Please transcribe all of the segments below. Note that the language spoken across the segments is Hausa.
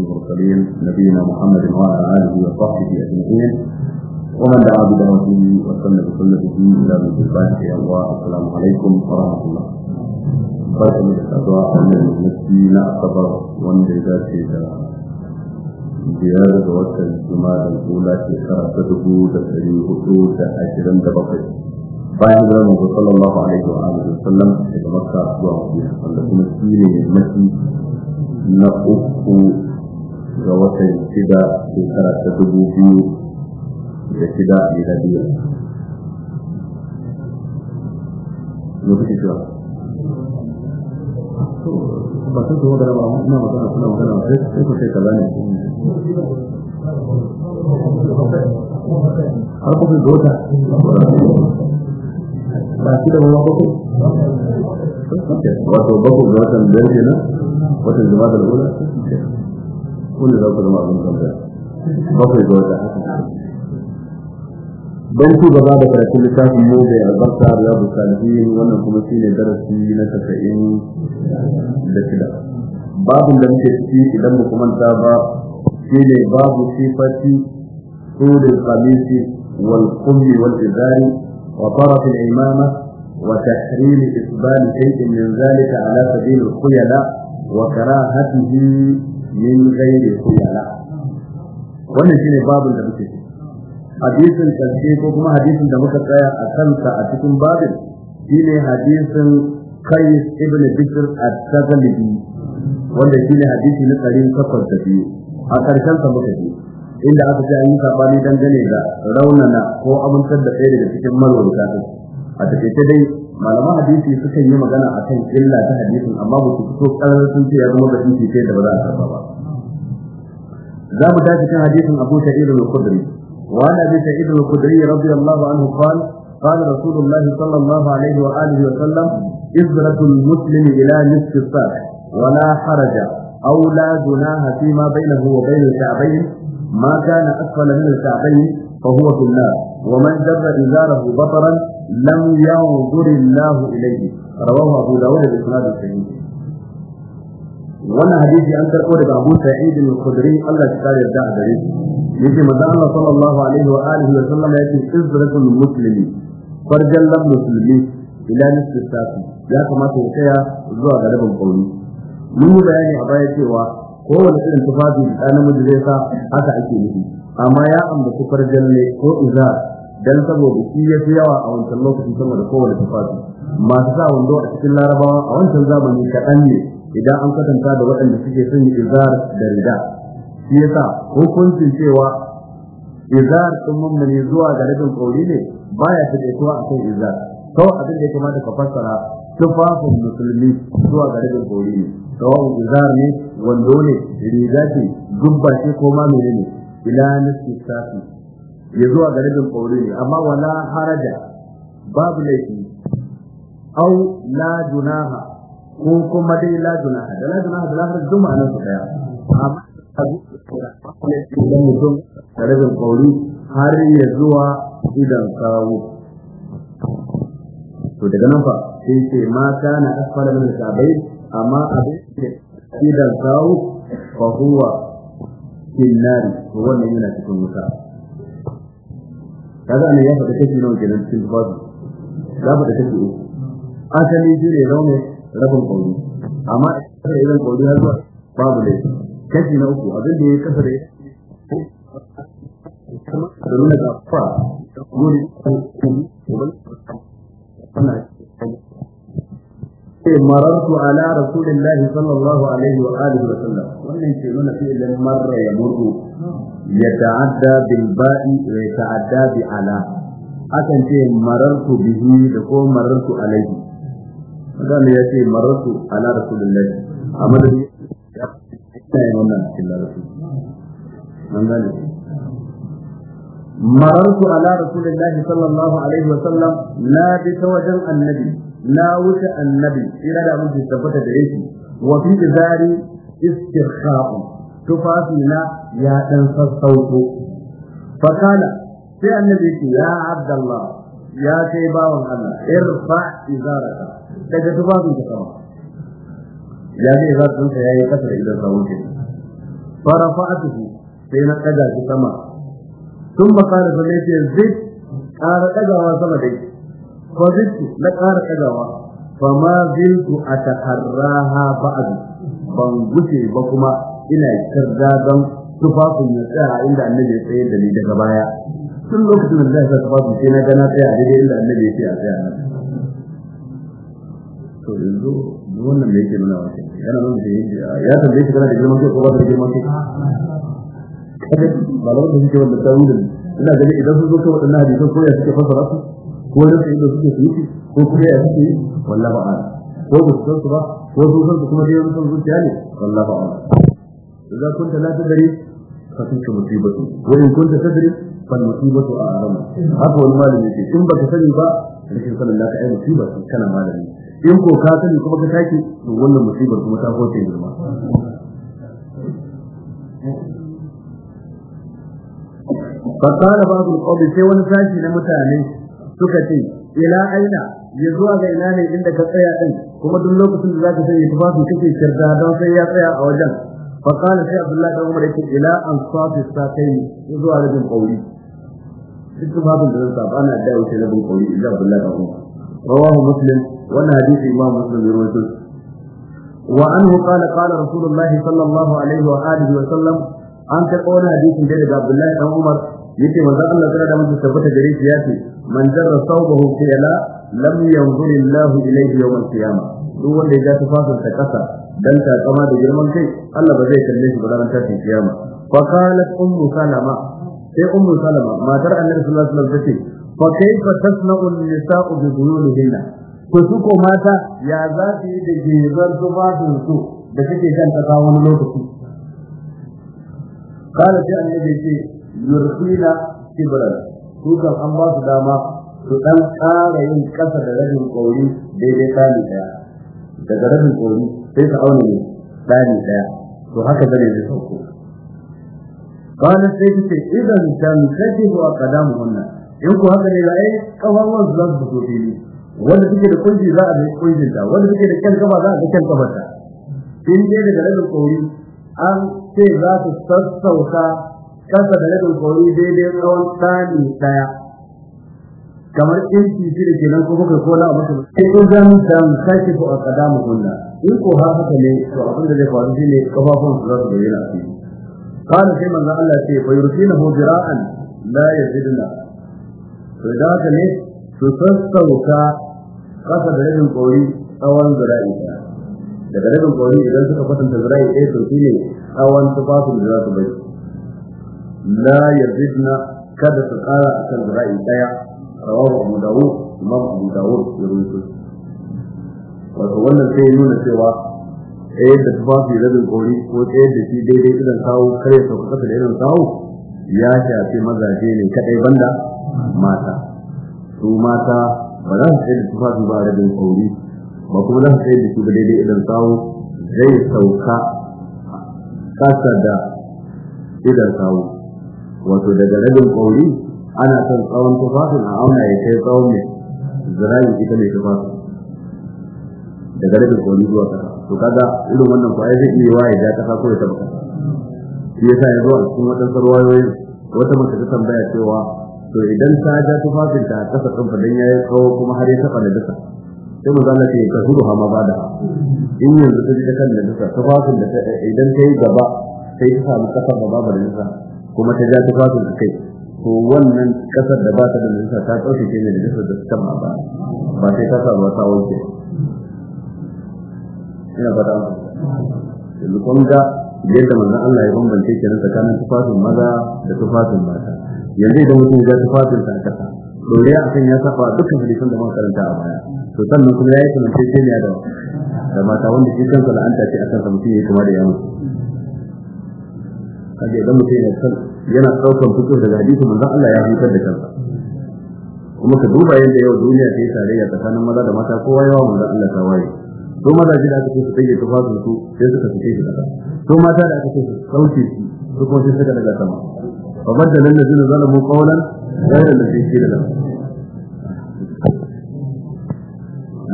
المرسلين نبينا محمد وعلى آله وصحبه أجمعين ومن دعا بدعوته وسلم بسنته إلى من تفاح يا الله السلام عليكم ورحمة الله فأنا أدعى أن المسلمين أكبر وانجزاته زيادة وكل جمال الأولى في خرافته تسعي حدود أجرا تبقي فأنا محمد صلى الله عليه وآله وسلم إلى مكة أدعى أن المسلمين المسلمين na uku ga watan shida shekara ta dubu biyu da shida miladiya lokaci ba sun kuma gara ba ina magana suna magana ba sai ku sai kaza ne har kuma dota ba shi da wani wato bakwai da wanda za ku zama abin tambaya bakwai ga wata don ku gaba da karatun littafin mu da albarka da yabu salihin wannan kuma shi ne darasi na tasa'in da shida babin da muke ciki idan mu kuma ta ba shi ne babu sifati tsorin kamisi wal kulli wal izari wa farafin imama وتحريم إقبال zalika من ذلك على سبيل الخيلاء وكراهته min ghairi yara? wannan shine babin da muke ciki hadisin karshe ko kuma hadisin da muka tsaya a kansa a cikin babin shine hadisin Qais ibn Bishr at-Taghlibi wanda shine hadisi na tsarin kafar da biyu a karshen sa muka ji inda aka ce an yi sabani dangane da raunana ko amintar da ɗaya daga cikin marwata a take dai malaman hadisi suka yi magana akan illa ta hadisin amma ba su fito karar sun ce ya zama bakin ce da ba za a karba ba za mu tashi kan hadisin Abu Sa'id al-Khudri wa an Abi Sa'id al-Khudri radiyallahu anhu qala قال رسول الله صلى الله عليه وآله وسلم إذرة المسلم إلى نصف الساعة ولا حرج أو لا جناح فيما بينه وبين الكعبين ما كان أسفل من الكعبين فهو في النار ومن جر إزاره بطرا lam yanzur Allah ilayhi rawahu Abu Dawud bi sanad sahih wannan hadisi an karɓo daga Abu Sa'id al-Khudri Allah ya kare da gare shi yake manzo Allah sallallahu alaihi wa alihi wa sallam yake farjan lab muslimi ila nisfi ya kamata ya tsaya zuwa ga rabin kauri mun yi bayani a baya cewa kowane irin tufafi da namiji zai aka ake nufi amma ya ambaci farjan ne ko izar dan saboda shi ya fi yawa a wancan lokacin sama da kowane tufafi masu sa wando a cikin larabawa a wancan zamani kaɗan ne idan an kwatanta da waɗanda suke son izar da rida shi yasa hukuncin cewa izar sun mummuni zuwa ga rabin kauri ne baya taƙaitowa a kan izar kawai abin da ya kamata ka fassara tufafin musulmi zuwa ga rabin ne kawai izar ne wando ne riga ce dubba ce ko ma menene ila nasi safi ya zuwa ga rabin kauri ne amma wala haraja babu laifi au la junaha ko kuma dai la junaha da la junaha da la haraja duk ma'anar su daya amma da mutum garin bin kauri har ya zuwa idan kawo to daga nan fa sai ce mata na asfala min sabai amma abin da idan kawo fa huwa kinnari to wannan yana cikin wuta kaga ne ya faɗa kashi nawa kenan cikin tufafi ya faɗa kashi uku asali shi ne rauni rabin kauri amma kasar irin kauri ya zuwa babu ne kashi na uku abin da ya kasa da ya domin da fa guri مررت على رسول الله صلى الله عليه وآله وسلم وأن يقولون في إلا المرة يمر yata'adda bil ba'i wa yata'adda bi ala akan ce marartu bihi da ko marartu alaihi magana ya ce marartu ala rasulullahi a madadin ya ta yi wannan cikin larabci an gane marartu ala rasulullahi sallallahu alaihi wa sallam na bi ta wajen annabi na wuce annabi ina da mun tabbata da yake tufafina ya dan sassauko fakala sai annabi ce ya abdullah ya kai bawan Allah irfa izaraka daga tufafin ka sama ya ce izarkan ka yayi kasa da idan sawo ke farafa'atuhu sai na daga shi sama sun bakara da ne ce zid ƙara dagawa sama dai ko zid na ƙara dagawa fama ziltu ataharraha ba'd ban guce ba kuma ina kirda don tufafin ya tsaya inda annabi ya tsaye da ni daga baya tun lokacin da zai sa tufafin sai na gana tsaya daidai inda annabi ya tsaya a tsaya nan to yanzu wannan da yake nuna wata yana nuna da yake ah, ya tambaye shi kana da girman kai ko ba da girman kai kada malaman da suke wanda tsawo da ina gani idan sun zo kai waɗannan hadisan ko ya suke fassara su ko da su da suke yi ko kuma ya suke yi wallahi ko ba su san su ba ko su san su kuma dai sun zuciya ne wallahi ba'a إذا كنت لا تدري فتلك مصيبة وإن كنت تدري فالمصيبة أعظم عفوا المال يجي إن بك سني بقى لكن صلى الله عليه مصيبة كان مالا in ko ka sani kuma ka tashi to wannan musibar ta hoce girma فقال بعض القوم sai wani sashi na mutane suka ce ila aina ya zuwa ga ina ne inda ka tsaya din kuma duk lokacin da zaka sai ya tafi kake kirda don sai ya tsaya a wajen فقال شيخ عبد الله بن عمر الى انصاف الساقين يزوا على ابن قولي duk babin da zan saba ana da wuce na bin kauri illa billah da umar rawahu muslim wannan hadisi imam muslim ya rawaito wa anhu qala qala rasulullah sallallahu alaihi wa alihi wa sallam an karɓo wani hadisi da daga abdullahi dan umar yace manzo Allah tsara da mutum tabbata gare man jarra sawbahu fi'la lam yanzur Allah ilayhi yawm al duk wanda ya ta fasin ta kasa dan ta kama da girman kai Allah ba zai kalle shi ba ranar tashin kiyama fa qalat ummu salama sai ummu salama matar annabi sallallahu alaihi wasallam tace fa kayfa tasna'u an-nisa'u bi dhuyulihinna ko su ko mata ya za su yi da gezar su ba su da suke kan ta kawo wani lokaci قال جاء النبي يرخينا كبرنا su kan an ba su dama su dan ƙara yin ƙasa da rabin ƙori daidai tsani ɗaya daga rabin ƙori sai su auna ne tsani ɗaya to haka zane zai sauko sai idan قالت سيدي a تنكشف أقدامهن in ku haka ne ra'ayi kafafuwan su za su fito fili wanda suke da kunji za a ga kunjin ta wanda suke da kyan kafa za a ga kyan kafar ta in dai daga rabin kauri an ce za su sassauta kansa da rabin kori daidai tsawon tsani daya kamar inci shi da kenan ko kuka ko na mutu sai in zan dan kashi ko akadamu kunna in ko har haka ne to abin da zai faru shi ne kafafun su za su bayyana a fili kana sai manzo Allah ce fa yurkinahu dira'an la yazidna to da haka ne su sassauka kasa da rabin koyi tsawon zira'i daya daga rabin kori idan suka kwatanta zira'i ɗaya to shine tsawon tufafin da za su bayyana la yazidna kada su kara akan ra'ayi daya rawahu Abu Dawud imam Abu Dawud ya rawaito wato wannan sai nuna cewa eh da tufafi rabin kori ko eh da shi daidai idan kawo kare sauka kasa da irin kawo ya shafi mazaje ne kadai banda mata su mata ba za su tsaye da tufafi ba rabin kori ba kuma za su tsaye da su daidai idan zai sauka kasa da idan kawo wato daga rabin kauri ana son tsawon tufafin a auna ya kai tsawon mai zirayin ita mai tufafin daga rabin kauri zuwa kasa to kaga irin wannan kwaye zai iya waye da kasa ko ya tabbata shi yasa ya zo a cikin waɗansu ruwayoyin wata mace ta tambaya cewa to idan ta ja tufafin ta kasa kan fadan yi tsawo kuma har ya taɓa da duka sai mu zalla ce ka zuru hama ba da in yanzu ta ji ta kan da duka tufafin da ta idan ta yi gaba sai ta samu kasa ba babu da duka kuma ta ja tufafin a kai to wannan kasar da ba ta da nisa ta ɗauke ce ne da nisa da suka ma ba ba sai ta samu ta wanke ina fata yanzu kun ga yadda manzon Allah ya bambance na tsakanin tufafin maza da tufafin mata yanzu idan mutum ya tufafin ta kasa dole a kan ya saba dukkan hadisan da muka karanta a baya to sannan kuma yayi kuma sai ne da da mata wanda shi kansa la'anta ce a akan mutum yayi kuma da yawa kaga dan mutum yana san yana daukan fito daga hadisi manzon Allah ya hutar da kansa kuma ka duba yadda yau duniya ta yi tarayya tsakanin maza da mata kowa yawa manzon Allah ta waye to maza ji da aka ce su tsage tufafin su sai suka fice shi kasa to mata da aka ce su sauke shi su kuma sai suka daga sama fa baddalan ladina zalamu qawlan ghayra alladhi qila lahum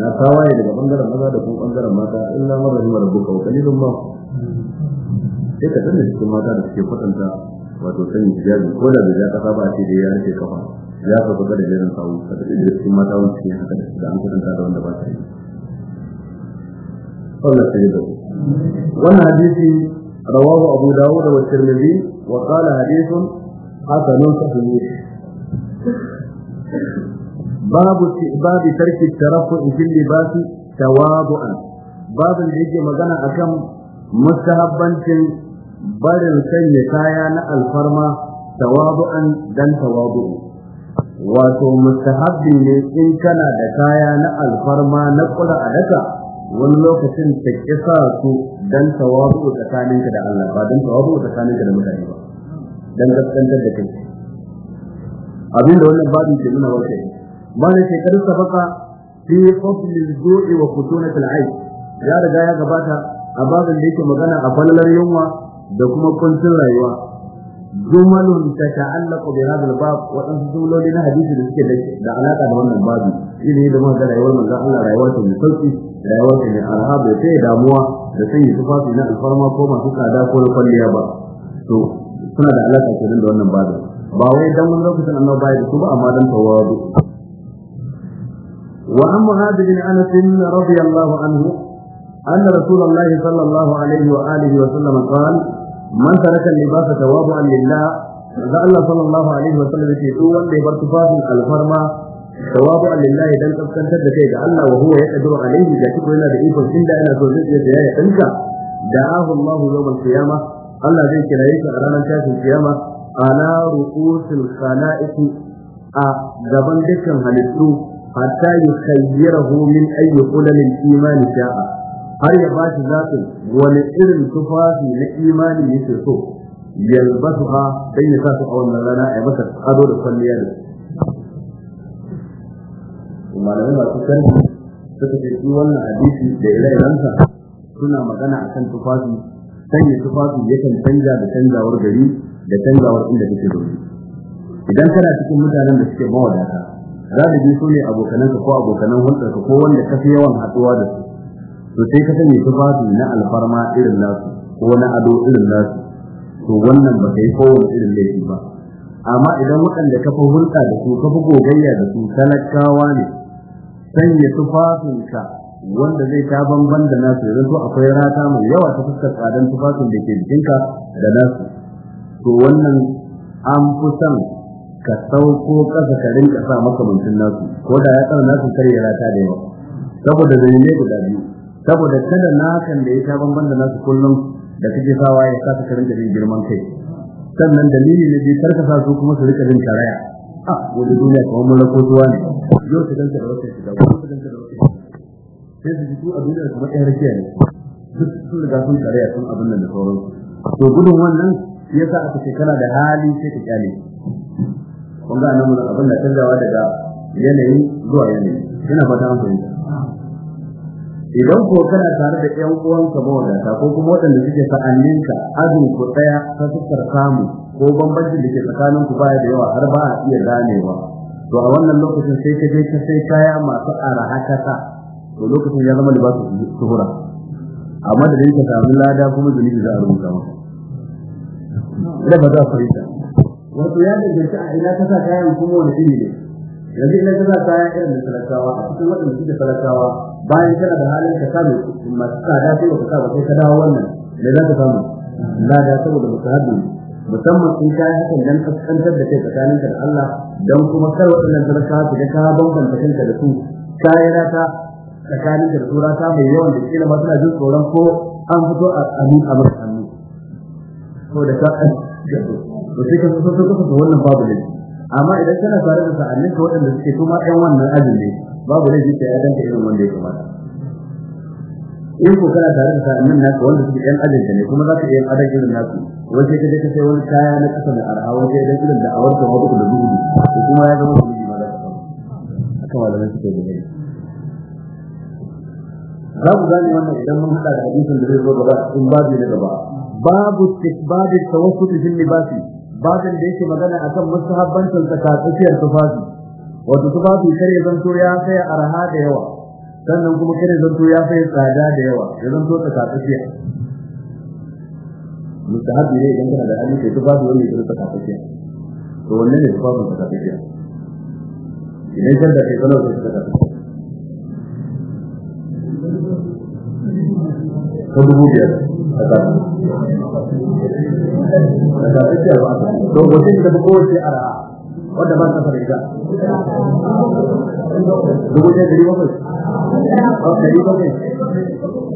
na tawaye daga bangaren maza da kuma bangaren mata illa man rahima rabbuka wa qalilun ma sai ka danna cikin mata da suke kwatanta wato sanin hijabi ko da bai ja kasa ba ce da ya rike kafa ya ka buga da jerin sawu ka da cikin mata wanda suke haka da an kwatanta da wanda ba ta yi wannan sai da wannan hadisi rawahu abu dawud wa tirmidhi wa qala hadithun hasanun sahih باب باب ترك الترفع في اللباس tawadu'an babin da yake magana akan mustahabbancin barin sanya kaya na alfarma tawadu'an dan tawadu'u wato mustahabbi ne in kana da kaya na alfarma na kula a daka wani lokacin ta kisa su dan tawadu'u tsakaninka da Allah ba dan tawadu'u tsakaninka da mutane ba dan gaskantar da kai abin da wannan babin ke nuna wata yi mana shekaru sabaka fi fadl al-ju'i wa futunat al-'ayn ya riga ya gabata a babin da yake magana a falalar yunwa da kuma kuncin rayuwa jumalun ta ta'allaqu bi hadha al-bab wa an jumloli na hadisi da suke da alaka da wannan babu ilimi da magana rayuwar manzon Allah rayuwa ta mai sauki rayuwa ta mai arha da sai damuwa da sai tufafi na alfarma ko masu kada ko kulliya kwalliya ba to suna da alaka kenan da wannan babu ba wai dan wani lokacin annabi bai da su ba amma dan tawadu wa amma hadin anas radiyallahu anhu أن رسول الله صلى الله عليه وآله وسلم قال من ترك اللباس توابعا لله قال الله صلى الله عليه وسلم يقول وان يبر الفرما توابعا لله دان كان تد الله وهو يقدر عليه da kiko yana da ikon inda yana so zai da ya danka da'ahu Allah yawm al-qiyamah Allah zai kiraye shi a ranar tashin kiyama ala ru'usil khalaiq a gaban dukkan halittu hatta yukhayyirahu min ayyi qulamin imani sha'a har ya ba shi zafin wani irin tufafi na imani yake so yalbasu ha dan ya sa su a wannan rana a masa ado da kwalliya da malamai masu karfi suka ce shi wannan hadisi da ire-irensa suna magana kan tufafi sanya tufafi yakan canja da canjawar gari da canjawar inda kake zaune idan kana cikin mutanen da suke mawadata galibi su ne abokananka ko abokanan hulɗarka ko wanda ka fi yawan haɗuwa da su to sai ka sanya tufafi na alfarma irin nasu ko na ado irin nasu to wannan ba kai kowane irin laifi ba amma idan waɗanda ka fi hulɗa da su ka fi gogayya da su talakawa ne sanya tufafinka wanda zai ta banban da nasu yanzu to akwai rata mai yawa ta fuskar tsadan tufafin da ke jikinka da nasu to wannan an fi son ka sauko ƙasa ka rinka sa makamancin nasu ko da ya tsara nasu karya rata da yawa saboda ne guda biyu saboda kada nakan da ya sha bamban da nasu kullum da kake sawa ya saka karin da girman kai sannan dalili ne karka sa su kuma su rika jin karaya a ah, wani duniya kamar zuwa ne yau su danta da wata shiga wani su danta da wata shiga sai su ku a duniya kuma ɗan rakiya ne duk sun riga sun karaya sun abin nan da sauran to gudun wannan ya sa aka shekara da hali sai ka kyale kun ga nan abin da canzawa daga yanayi zuwa yanayi ina fata an fahimta idan ko kana tare da ƴan uwanka mawadata ko kuma waɗanda suke ka, azun ku tsaya ta fuskar samu ko bambancin da ke tsakanin ku baya da yawa har ba a iya ganewa to a wannan lokacin sai ka je ka sai kaya masu araha ta to lokacin ya zama libasu suhura amma da ka samu lada kuma zunubi za a rubuta ma da ba za a fahimta wato ya danganci a ina ka sa kayan kuma wani iri ne yanzu ina ka sa kayan irin da talakawa a cikin waɗanda suke talakawa bayan kana da halin ka samu masu tsada da ba ka sa ba sai ka dawo wannan da za ka samu lada saboda ba ka musamman in ka hakan dan kaskantar da kai tsakaninka da Allah dan kuma kar waɗannan da su ga ka bambanta kanka da su ka na ta tsakaninka da tura ta mai yawan da kila ma suna jin tsoron ko an fito a amin a Sannu. Ko da ka an gado to sai ka so so ka wannan babu ne amma idan kana tare da sa'annin ka waɗanda suke kuma ɗan wannan ne. babu ne ta ya danta irin wanda ya kamata in ko kana tare da na naka wanda suke yan ajinta ne kuma za ka iya yan adan irin naku wace ka je sai wani kaya na kasa da arha wace idan irin da awar ka mako da dubu ko kuma ya zama dubu ba za ka samu haka malamai suke da ne za ku gane wannan idan mun hada da hadisin da zai zo gaba in babu na gaba babu istibadi tawassut fil libasi babin da yake magana akan mustahabbancin tsakatsiyar tufafi wato tufafi kare zanto ya sai arha da yawa sannan kuma kare zanto ya sai tsada da yawa ya zanto ta kafafiya mutahabi ne idan kana da hali kai tufafi wani ya ta kafafiya to wannan ne tufafin ta kafafiya idan kan da kai kana da ta kafafiya ta dubu biyar a kafin ta ba ta to wajen da kowace arha wadda ba ta fara ita dubu ɗaya dari bakwai a dari bakwai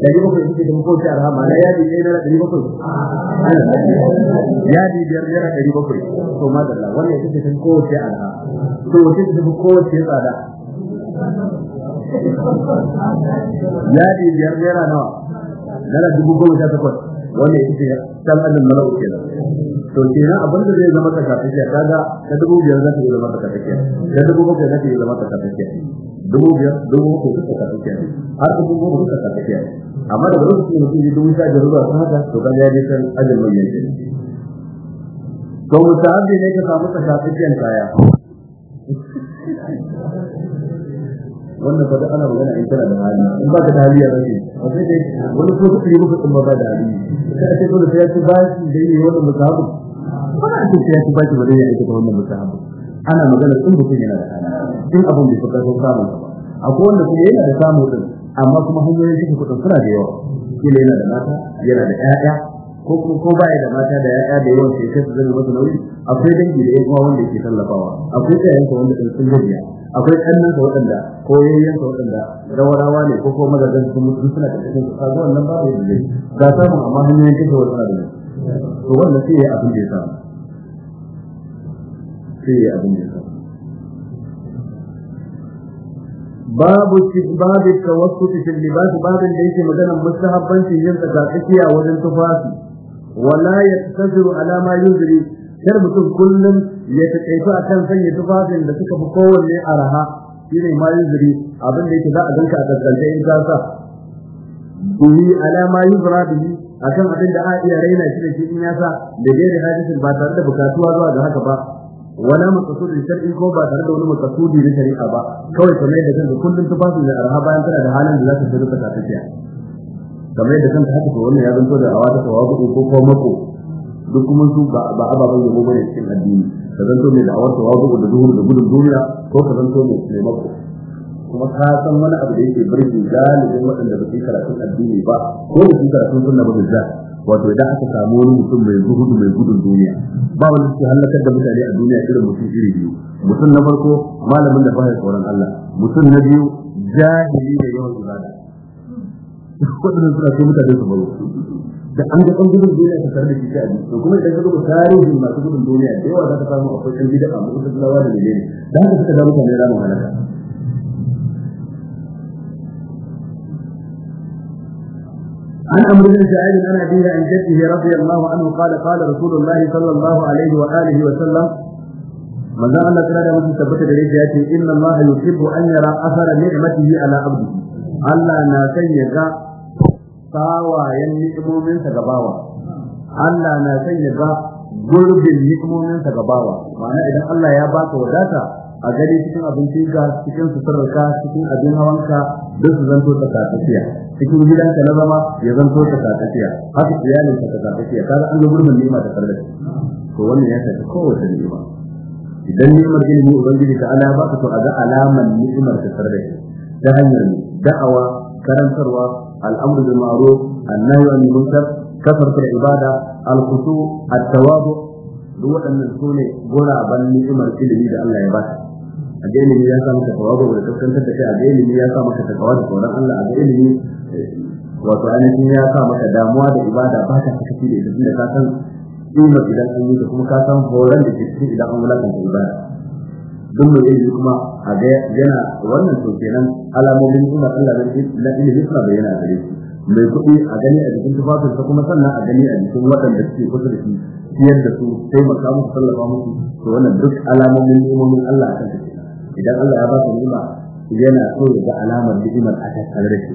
dari bakwai suke da mafi shi arhama na yadi ɗaya naira dari bakwai yadi biyar naira dari bakwai to madalla wannan ita ce tafi kowace arha to wace ce tafi kowace tsada yadi biyar naira nawa naira dubu goma sha takwas wannan ita ce sal'adun mala'u kenan to kenan abin da zai zama tsakatakiya kaga na dubu biyar za ta yi zama tsakatakiya na dubu bakwai za ta iya zama tsakatakiya dubu biyar dubu bakwai duka tsakatakiya ne har dubu bakwai duka tsakatakiya amma da rubutu ne mutum dubu sha biyar zuwa sun haka to kaga ya je san ajin mai yanke to musahabi ne ka samu tsakatakiyan kaya wannan fada ana magana in tana da hali in ba ka da hali ya rage a wani ko yi muka tsumma ba da hali sai ake kuma dole sai ya ci bashi da yi wani musahabi ba na ce ya ci baki ba zai aikata wannan musahabu ana magana in mutum yana da hali Sun abin bai fi karfin samun ba akwai wanda kuma yana da samu din amma kuma hanyoyin kashe kuɗin suna da yawa kila yana da mata yana da ƴaƴa ko kuma ko baya da mata da ƴaƴa da yawan sai kasu zai masa nauyi akwai dangi da yawa wanda ke tallafawa akwai iyayensa wanda kan sun gajiya akwai ƙannansa waɗanda ko yayyensa waɗanda rawarawa ne ko kuma mazajen sun mutu suna da cikin su kaga wannan babu yadda zai ga samun amma hanyoyin kashe wasu suna da yawa هو أن فيه أبن جيسان فيه أبن جيسان باب استحباب التوسط في اللباس باب ليس مدنا مستحبا في جنس الزاكية وزن تفاسي ولا يقتصر على ما يدري كرمة كل يتكيف أكام في تفاسي لتك بقوة لأرها في ما يدري أبن ليس ذا أدنك أتزلتين كاسا به على ما يدرى به akan abin da a iya raina shi da shi in ya sa da gairi hadisin ba tare da bukatuwa zuwa ga haka ba wala maqsudin shar'i ko ba tare da wani maqsudi na shari'a ba kawai kamar da kanka kullun tufafi da arha bayan tana da halin da za ta shiga ka ta tafiya kamar da kanka haka ko wannan ya zanto da awata tawabu ko ko mako duk kuma su ba ba ababan yabo bane cikin addini ka zanto mai da'awar tawabu da zuhur da gudun duniya ko ka zanto mai mako kuma ka san wani abu da yake birni galibin waɗanda ba su karatun addini ba ko da su karatun sunna ba da wato idan aka samu wani mutum mai gudu mai gudun duniya ba wanda ke halakar da mutane a duniya irin mutum iri biyu mutum na farko malamin da baya tsoron Allah mutum na biyu jahili da yawan ibada wadannan suna ce mutane su baro da an ga ɗan gudun duniya ta tare da shi ta abin to kuma idan ka duba tarihin masu gudun duniya da yawa za ka samu akwai ɗan gida a mutum da lawa da menene da haka suka ga mutane ramin halaka عن أمر بن سعيد عن أبيه عن جده رضي الله عنه قال قال رسول الله صلى الله عليه وآله وسلم من ذا الله تعالى من ثبت درجاته إن الله يحب أن يرى أثر نعمته على عبده الله نا سيغا ساوى ينعم من سغباوى الله نا سيغا قلب النعم من سغباوى معنى إذا الله يا باك وداتا a gari cikin abinci ga cikin suturarka cikin abin hawanka duk su zanto tsaka tafiya cikin gidanka na zama ya zanto ta tsakatiya haka iyalin ka ta tsakatiya kaga an ga gurbin ni'ima ta karbe to wannan ya tafi kowace ni'ima idan ni'imar ilimi ubangiji ta ala ba ka to a ga alaman ni'imar ta karbe ta hanyar da'awa karantarwa al'amru bil ma'ruf an-nahyu 'anil munkar kafartul ibada al-khushu' at-tawadhu duk waɗannan su ne guraben ni'imar ilimi da Allah ya ba ta a ga ilimi ya sa maka tawadhu da kaskantar da kai a ga ilimi ya sa maka takawa da tsoron Allah a ga ilimi wato ainihin ya sa maka damuwa da ibada ba ta sakaci da ita tunda ka san kimar idan an yi ta kuma ka san horon da ke cikin idan an da ibada duk mai yanzu kuma a ga yana wannan to kenan alamomin ina Allah da na ilimi suna yana gare shi mai kuɗi a gani a jikin tufafinsa kuma sannan a gani a jikin waɗanda suke kusa da shi siyar da su taimaka musu tallafa musu to wannan duk alamomin nemomin Allah a kan idan Allah ya ba ka ni'ima yana so ya ga alamar ni'imar a tattare da shi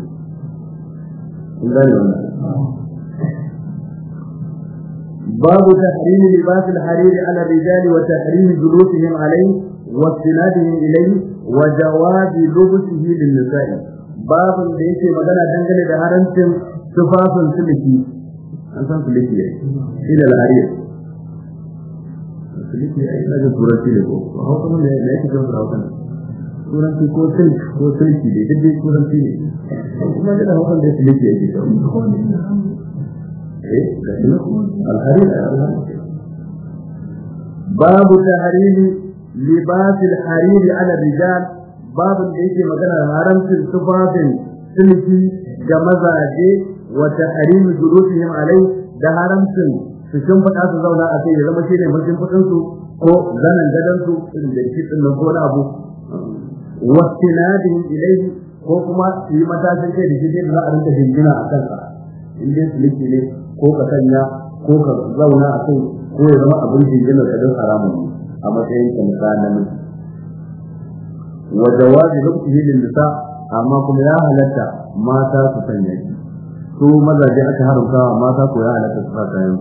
باب تحريم لباس الحرير على الرجال وتحريم جلوسهم عليه واستنادهم إليه وجواز لبسه للنساء باب ليس مدنى دنجل بهارنتم شفاف سلكي أنسان سلكي إلى الحرير سلكي أي حاجة سورة سلكي وهو كمان ليس جمع turanci ko silk ko silki da duk dai turanci ne kuma da hakan da silki yake da eh da silk alharir babu tahrimi libas alharir ala rijal babu da yake magana haramcin tufafin silki ga mazaje wa tahrim durusihim alai da haramcin su kin fada su zauna a kai ya zama shine mutum kudin ko zanan gadan su da abu واستنادهم إليه ko kuma su yi matashin kai da shi da za a a kansa in dai su liki ko ka ko zauna a kai ko ya zama abin jingina da duk haramun a matsayin ka na tsanin wa jawazi lokaci lil nisa amma kuma ya halatta mata su sanya aka haramta mata ko ya halatta su sa kayan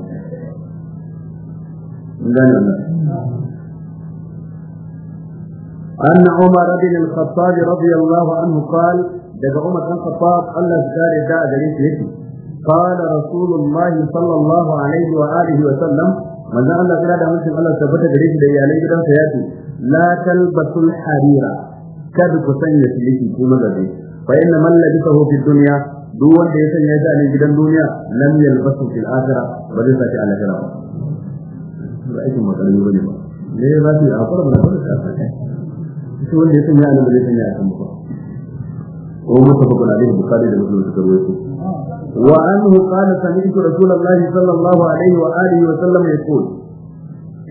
أن عمر بن الخطاب رضي الله عنه قال دقى عمر بن الخطاب الله تعالى داء ذلك قال رسول الله صلى الله عليه وآله وسلم من ذا الله تعالى مسلم الله ثبت ذلك دي عليه جدا سياتي لا تلبسوا الحرير كد كسن يسلكي كما ذلك فإن من لبسه في الدنيا دون يسن يسأل جدا الدنيا لم يلبسه في الآخرة بل يسأل على كلامه رأيتم ما قالوا لي ما ليه ما في آخر من أقول shi wanda ya sanya nan ba zai sanya a kan ba ko mutafakun alaihi bukari da muslim suka rawaito wa anhu qala sami'tu rasulullahi sallallahu alaihi wa alihi wa sallam yaqul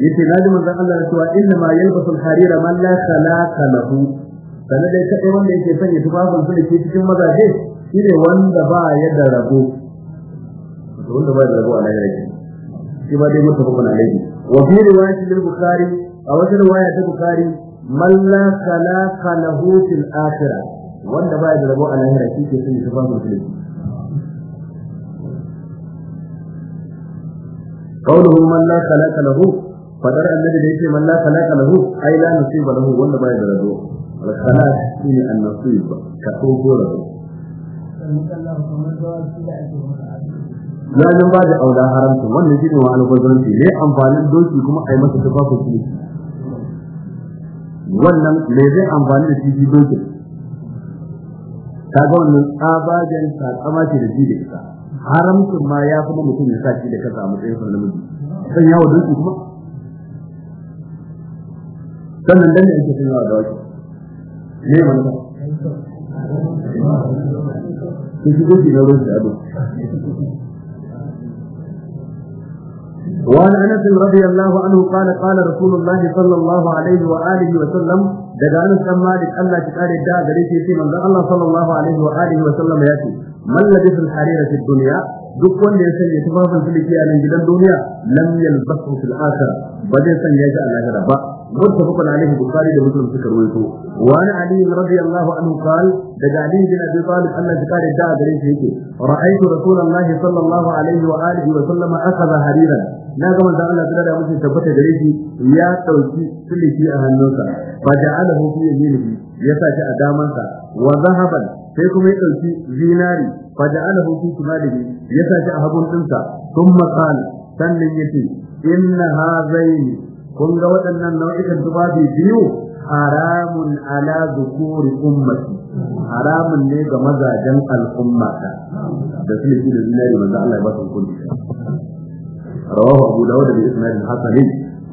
yace naji manzon Allah ya cewa inna ma yalbasul harira man la khalaqa lahu kana dai kai wanda yake sanya tufafin su da ke cikin mazaje shine wanda ba ya da rabo wanda ba ya da rabo a lahira shi ba dai mutafakun alaihi wa fi riwayatil bukhari a wajen riwaya ta bukhari man la khalaqa lahu fil akhirah wanda ba da rabo a lahira shi ke sun shi fadu fil qawluhu man la khalaqa lahu fadar annabi da yake man la khalaqa lahu ai la nasiba lahu wanda ba da rabo al khalaq shi an nasiba ka ko gora ya nan ba da aure haramta wannan shi ne wa alƙawarin ne amfanin doki kuma ai masa tufafin sulki wannan mai zai amfani da shi dokin kaga wannan tsabajen sakama ce da shi da ita haramcin ma ya kuma mutum ya sa shi da kasa a matsayin sa namiji san yawo da doki kuma sannan dan ne ake san yawo da wake ne wannan ko shi doki na ruwan da ado وعن انس رضي الله عنه قال قال رسول الله صلى الله عليه واله وسلم daga anas dan malik Allah ta kare da gare shi Allah sallallahu alaihi wa alihi wa sallam ya ce man labisul duk wanda ya sanya tufafin sulki a nan gidan duniya lam yalbasu fil akhirah ba zai sanya shi a lahira ba متفق عليه البخاري ومسلم في روايته وعن علي رضي الله عنه قال دجا علي بن ابي طالب ان ذكر الدعاء بريش رايت رسول الله صلى الله عليه واله وسلم اخذ حريرا na ga manzon Allah ta da mutum tabbata gare shi ya dauki sulhi a hannunsa fa ja'alahu fi yaminihi ya sa shi a damansa wa zahaban sai kuma ya dauki zinari fa ja'alahu fi shimalihi ya sa shi a hagun dinsa thumma qala sannan yace inna hazaini kun ga waɗannan nau'ikan tufafi biyu haramun ala zukuri ummati haramun ne ga mazajen al'ummata da su ne da zinari manzo Allah ya ba su hukunci rawahu abu dawud bi isnad hasan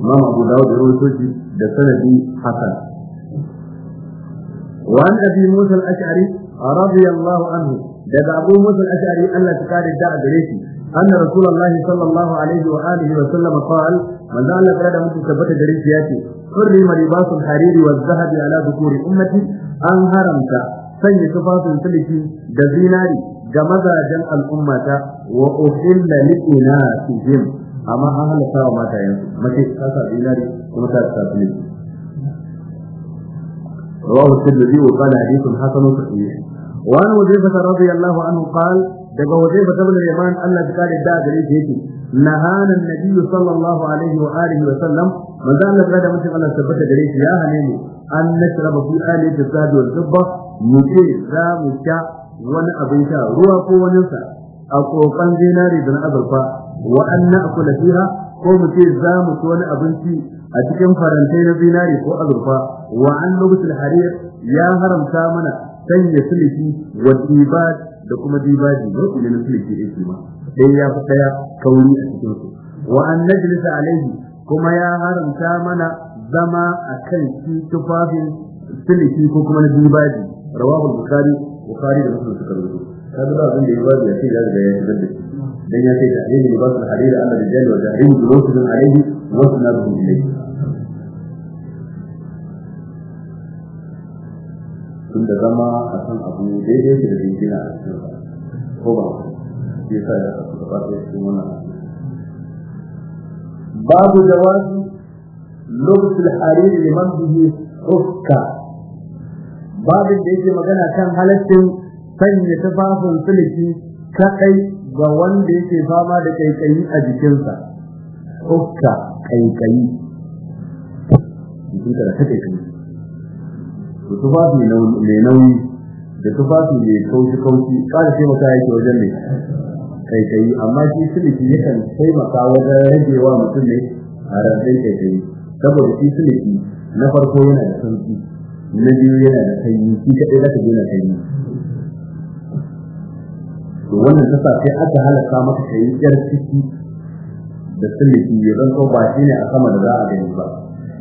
imam abu dawud rawaito shi da sanadi hasan wa an abi musa al-ash'ari radiyallahu anhu daga abu musa al-ash'ari Allah ta kare da gare shi anna rasulullah sallallahu alaihi wa alihi wa sallam qala man zalla kada mutum tabbata gare shi yace hurrima libasul hariri wa zahabi ala dhukuri ummati an haramta sanya tufafin siliki da zinari ga mazajen al'ummata wa uhilla li inasihim amma an halatta wa mata yanzu mace ta sa dinari kuma ta sa filin رواه الترمذي وقال حديث حسن صحيح وعن وزيفة رضي الله عنه قال دقى وزيفة بن اليمان الله قال الداء قريب هيك نهانا النبي صلى الله عليه وآله وسلم من ذا الله قال مسلم الله ثبت قريب يا هنيني أن نشرب في آلية الزاد والزبة مجيء ذا مجاء wani abin sha ruwa ko wani sa a kokon zinari da na azurfa wa an na'kula fiha ko mu ce za mu ci wani abinci a cikin farantai na zinari ko azurfa wa an lubtul harir ya haramta mana sanya sulhi wa ibad da kuma dibaji ne kuma na sulhi yake ma Sai ya fi daya kauri a cikin su wa an najlisa alaihi kuma ya haramta mana zama akan shi tufafin sulhi ko kuma na dibaji rawahu bukhari bukhari da muslim suka rubuta kaga da abin da ya bazu ya ce da riga ya shigar da shi dan ya ce ta'lim libas al-harir ala rijal wa tahrim julusuhum alayhi wa sunaruhum ilayhi tun da zama a kan abu daidai da rigina a cikin ko ba ya sa ya kasu gaba ɗaya cikin wannan babu jawabi لبس الحرير لمن به حكا babin da yake magana kan halaccin sanya tufafin siliki kaɗai ga wanda yake fama da kaikayi a jikinsa hukka kaikayi jikinsa da kake kai da tufafi mai nauyi da tufafi mai kauci kauci kada sai mata yake wajen ne kaikayi amma shi siliki yakan taimaka wajen ragewa mutum ne a rantsai kaikayi saboda shi siliki na farko yana da sauki na biyu yana da sanyi shi kaɗai zaka je na sanyi to wannan ta sa sai aka halatta maka ka yi yar ciki da sulki ya zanto ba shi ne a sama da za a gani ba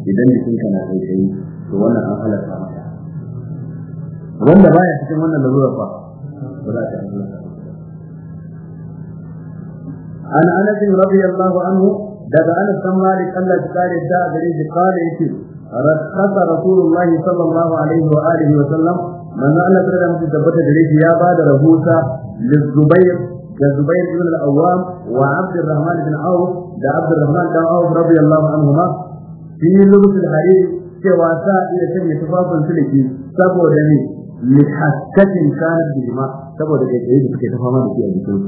idan jikinka na kai kai to wannan an halatta maka wanda baya cikin wannan lalura fa ba za ta halatta an anas radiyallahu anhu daga anas dan malik Allah ya kare da gare shi kare yake رخص رسول الله صلى الله عليه وآله وسلم manzo Allah ta da mutum tabbata da shi ya ba da rahusa da Zubair da Zubair ibn al-Awwam wa Abdurrahman ibn Auf da Abdurrahman ibn Auf radiyallahu anhuma fi lubs al-harir cewa sa ila kan tafafin sulki saboda ni ne lihaskatin kana bima saboda da yake suke ta fama da shi a jikin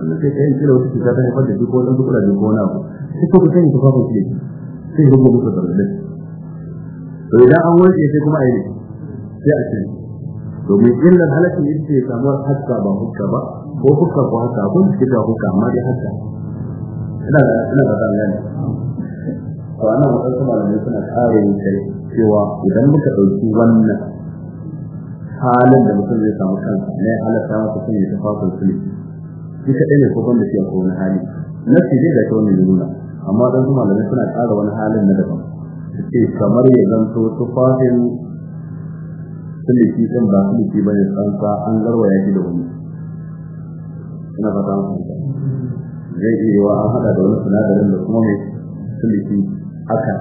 Allah sai kai kira wata cuta ta haifar da duk wani duk wani duk wani abu sai ko kusan tafafin sulki sai ya gumu da dalilin to idan an warke sai kuma a ayi sai a cikin domin illar halakin yin ce samuwar haska ba hukka ba ko hukka ko haka abin da shiga hukka amma dai haska ina da ina da zan gane to ana wadansu malamai suna ƙara kai cewa idan muka ɗauki wannan halin da mutum zai samu kansa ne halatta masa sun yi tafafin sulhu shi kaɗai ne ko da shi a kowane hali nafsi dai da ta wani nuna amma dan kuma malamai suna ƙara wani halin na daban ce kamar ya zanto tufafin sulki din ba ba bane tsantsa an ya shi da wani ina fata mu zai iya wa an haɗa da wani sinadarin da kuma mai sulki aka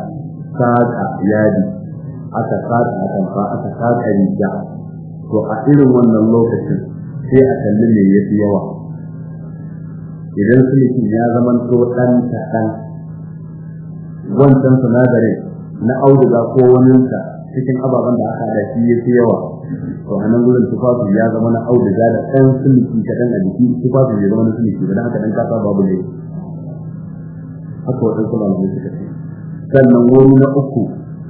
saka yadi aka saka atamfa aka saka rija to a irin wannan lokacin sai a kalli me yafi yawa idan sulki ya zama to dan ta dan wancan sinadarin na auduga ko waninsa cikin ababen da aka hada shi yafi yawa to a nan gurin tufafi ya zama na auduga da ɗan sulki kaɗan a jiki tufafi ya zama na sulki ba don aka ɗan kasa babu ne haka waɗansu malamai suka ce sannan wani na uku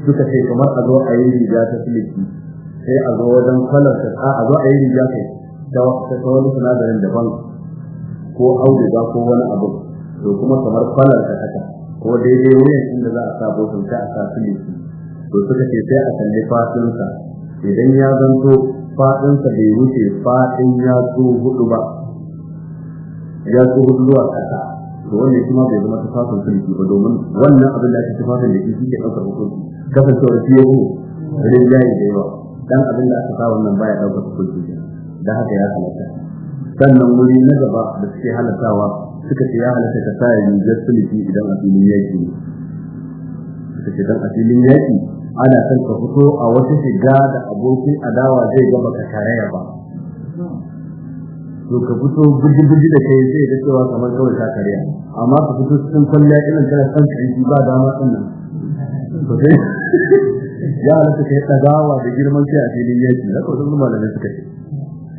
suka ce kamar a zo a yi riga ta sulki sai a zo wajen kwalar ta a zo a yi riga ta ta wani sinadarin daban ko auduga ko wani abu to kuma kamar kwalar ta haka ko daidai wurin inda za a sa botul ta a sa sulki to suka ce sai a kalli fatinsa idan ya zanto fatinsa bai wuce fatin yatsu hudu ba yatsu hudu zuwa kasa to wannan kuma bai zama tufafin sulki ba domin wannan abin da ake tufafin da shi ke ɗaukar hukunci kasancewar shi ya ko ya da yawa dan abin da aka sa wannan baya ɗaukar hukunci da haka ya halatta sannan wuri na gaba da suke halattawa suka ce ya halatta ka sa ya yi jar sulki idan a filin yaki suka ce dan a filin yaki ana son ka fito a wasu shiga da abokin adawa zai ga baka tarayya ba to ka fito guji-guji da kai zai da cewa kamar kawai ta karya amma ka fito cikin kwalliya irin kana son ka yi ba dama din nan to sai ya halatta ka yi ɗagawa da girman kai a filin yaki na kawai sun malamai suka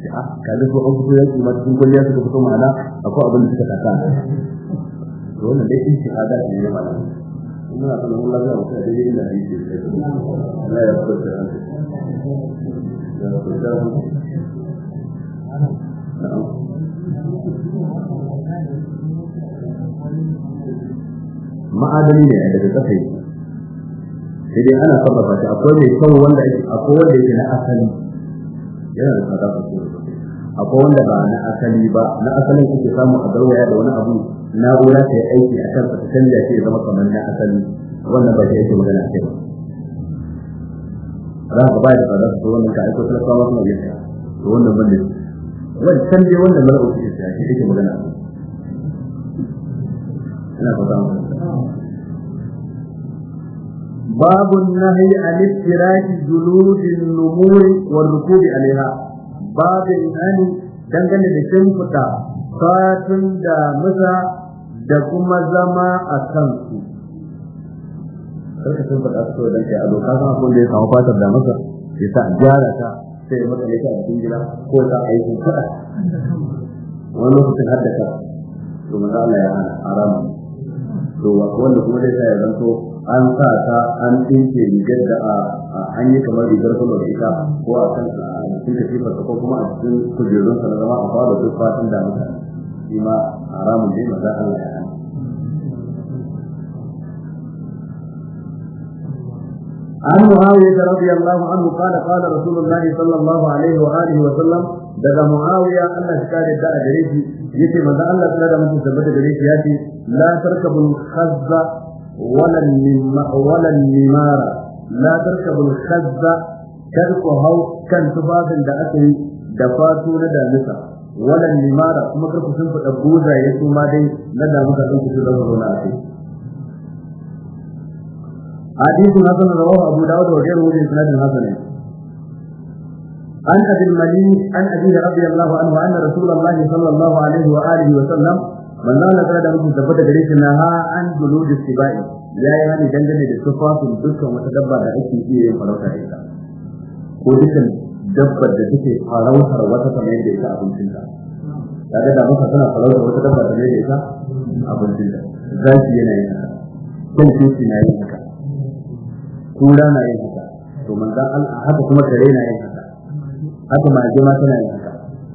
ce ah, ka ga an fito yaki ma cikin kwalliya suka fito ma'ana akwai abin da suka kasa wannan dai in shi ada ne malamai muna son mun lafiya mutum a daidai inda hadisi ya kai Allah ya fito da hannu ya fito da hannu na'am ma'adani ne daga kasa sai dai ana sarrafa shi akwai mai kyau wanda ake akwai wanda yake na asali yana da tsada sosai akwai wanda ba na asali ba na asalin kuke samu a garwaya da wani abu na'ura ta yi aiki a kan ta canza shi ya zama kamar na asali wannan ba shi yake magana ce ba za ka ba da tsada su wannan ka aiko talakawa kuma ya to wannan ban da shi wancan dai wannan mara uku ya shi yake magana ina fata باب النهي عن افتراك جلود النمور والركوب عليها باب النهي dangane da shimfita fatun da da kuma zama a kansu karka sun faɗa su don kai a doka sama kun da ya samu fatar da masa ya sa gyara ta sai ya maka ne ta cikin gida ko ta aikin faɗa wani lokacin haddaka da kara to maza Allah ya hana haramun to wanda kuma zai sa ya zanto an sa ta an tsinke rigar da a an yi kamar rigar kuma da ita ko a kan a cikin kashifar ko kuma a cikin kujerunsa na zama a fara duk fatan da mutane shi ma haramun ne maza Allah ya hana عن معاوية رضي الله عنه قال قال رسول الله صلى الله عليه وآله وسلم دغ معاوية أن أشكال الداء جريتي يتي من ذا الله تعالى من تثبت جريتي ياتي لا تركب الخز ولا النم ولا النمار لا تركب الخز ترك هو كان تباب دأتي دفاتو لدى نسا ولا النمار كما تركب سنفق أبوزا يسوما دي لدى مكا تنكسر أبوزا حديث حسن رواه أبو داود وغيره بإسناد حسن عن أبي المليك عن أبيه رضي الله عنه أن رسول الله صلى الله عليه وآله وسلم من لا نزل له مثبت دريس نها عن جلود السباع لا يعني دنجل للسفا في الدكة وتدبع لأيكي إيه فلوكا إيكا ودكا دبع لدكة فلوكا وتدبع لأيكا أبو سنتا kaga da muka suna farauta wata dabba da ne da ita abin da zaki yana yin haka kan shi na yin haka kura na yin haka to manzan Allah haka kuma kare na yin haka haka mage ma tana yin haka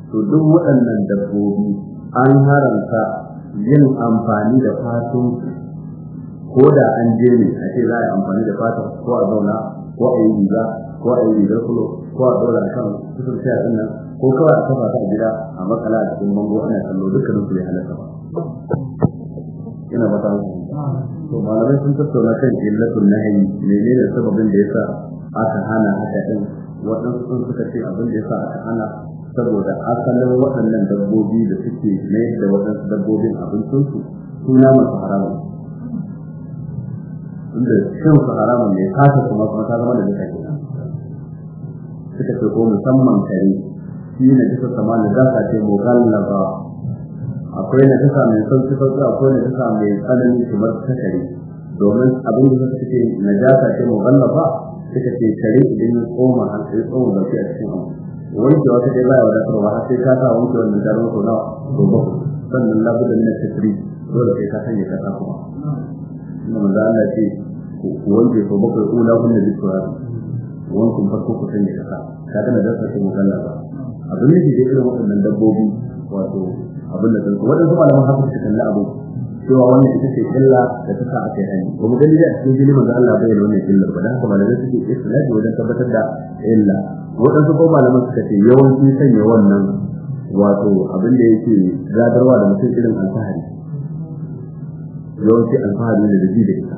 to duk waɗannan dabbobi an haramta yin amfani da fatun ko da an je ne a ce za a yi amfani da fatun ko a zauna ko a yi riga ko a yi rigar kulo ko a zauna a kan kusur sai a nan ko kawai a kafa ta gida a makala a cikin bango ana kallo dukkanin su ya halatta ba ina ba ta to malamai sun tattauna kan illatul nahyi menene sababin da yasa aka hana haka din waɗansu sun suka ce abin da yasa aka hana saboda asalin waɗannan dabbobi da suke mayar da waɗansu dabbobin abincinsu suna masu haramun inda shan su haramun ne kasa kuma kuma ta zama da duka ke suka ce ko musamman kare shi ne duka samanin da ka ce mugallaba akwai na kasa mai sauki sauki akwai na kasa mai tsanani kamar takari, domin abin da suka ce na jasa ce mu ba suka ce kare idan ya koma har sai tsawon da shi a cikin abu wanke wata bayan baya wadatarwa har sai ka sa wanke wannan jarin ko nawa gobe sannan na budan na tafri dole sai ka sanya kasa kuma Kuma manzo Allah ce ku wanke ko bakwai ko na kunna dukkan wankun farko ku sanya kasa ka ga na jasa ce mu ba abin da ke irin waɗannan dabbobi wato abin da zan wadansu malaman haka suka kalli abu cewa wannan ita ce illa da ta sa aka yi hani ba mu gani da cikin jini manzo Allah bai da wannan illar ba dan haka malamai suke istilahi wajen tabbatar da illa waɗansu ko malaman suka ce yawanci sanya wannan wato abin da yake gadarwa da mutum irin alfahari yawanci alfahari ne da da ita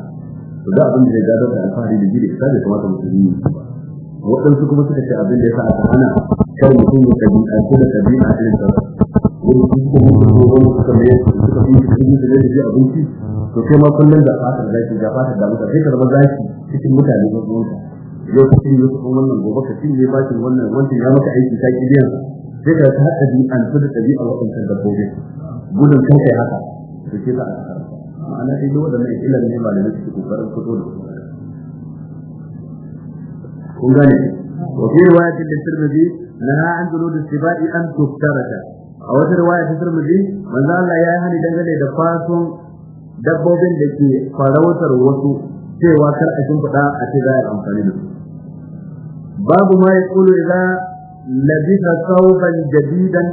to da abin da ya gadar da alfahari da da ita bai kamata mutum yi waɗansu kuma suka ce abin da ya sa a hana kar mutum ya kabi a kuma kabi a irin wani da to kai ma kullum da fatar zaki da muka sai ka zama zaki cikin mutane ba zuwa yau ka kuma wannan gobe ka cinye bakin wannan wancan ya maka aiki ta sai ka ta bi an fi da gudun kan kai haka to da ilan ne ba da fito da kun gane a wata riwaya ta turmuzi manzo Allah ya hani dangane da fasun dabbobin da ke farautar wasu cewa kar a fada a ce za a amfani da su babu ma ya kulu ila labisa sauban jadidan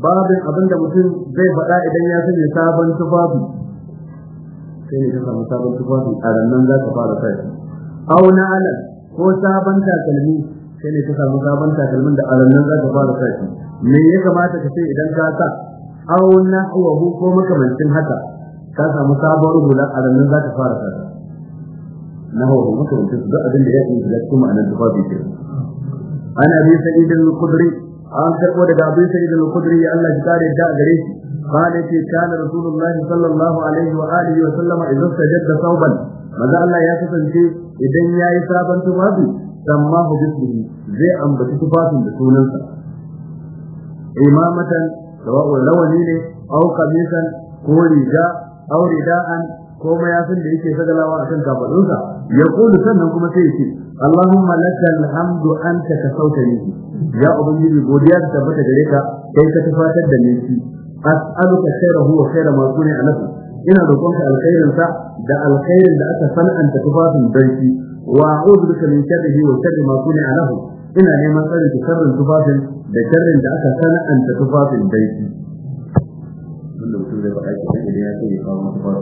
babin abinda mutum zai faɗa idan ya sanya sabon tufafi sai ne ka samu sabon tufafi a rannan za ka fara sai au na alal ko sabon takalmi sai ne ka samu sabon takalmin da a rannan za ka fara sai me ya kamata ka ce idan ka sa aw nahwahu ko makamancin haka ka samu sabon rubulan a ranar za ka fara sata nahwahu makamancin su duk abin da ya yi da kuma anan da babu ke ana bi sa'id al an karbo daga abin sa'id al-khudri ya Allah ya kare da gare shi قال في كان wa الله wa Sallama عليه وآله وسلم Sa'uban. استجد Allah ya الله idan ya yi sabon tufafi, تفافي سماه zai زي tufafin da sunansa. imamatan sawa'un rawani ne aw qamisan ko riga aw rida'an ko mayafin da yake sagalawa akan kafadunsa ya kudu sannan kuma sai yake Allahumma lakal hamdu anta kasautani ya ubangiji godiya ta tabbata gare ka kai ka tafatar da ni as'aluka khayrahu wa khayra ma kuni alaku ina roƙonka alkhairin sa da alkhairin da aka san'anta tufafin barki wa a'udhu bika min sharrihi wa sharri ma kuni alaku ina neman tsarin sharrin tufafin da sharrin da aka sana'anta tufafin baiti wanda mutum zai faɗa shi kan idan ya so ya kawo masa fara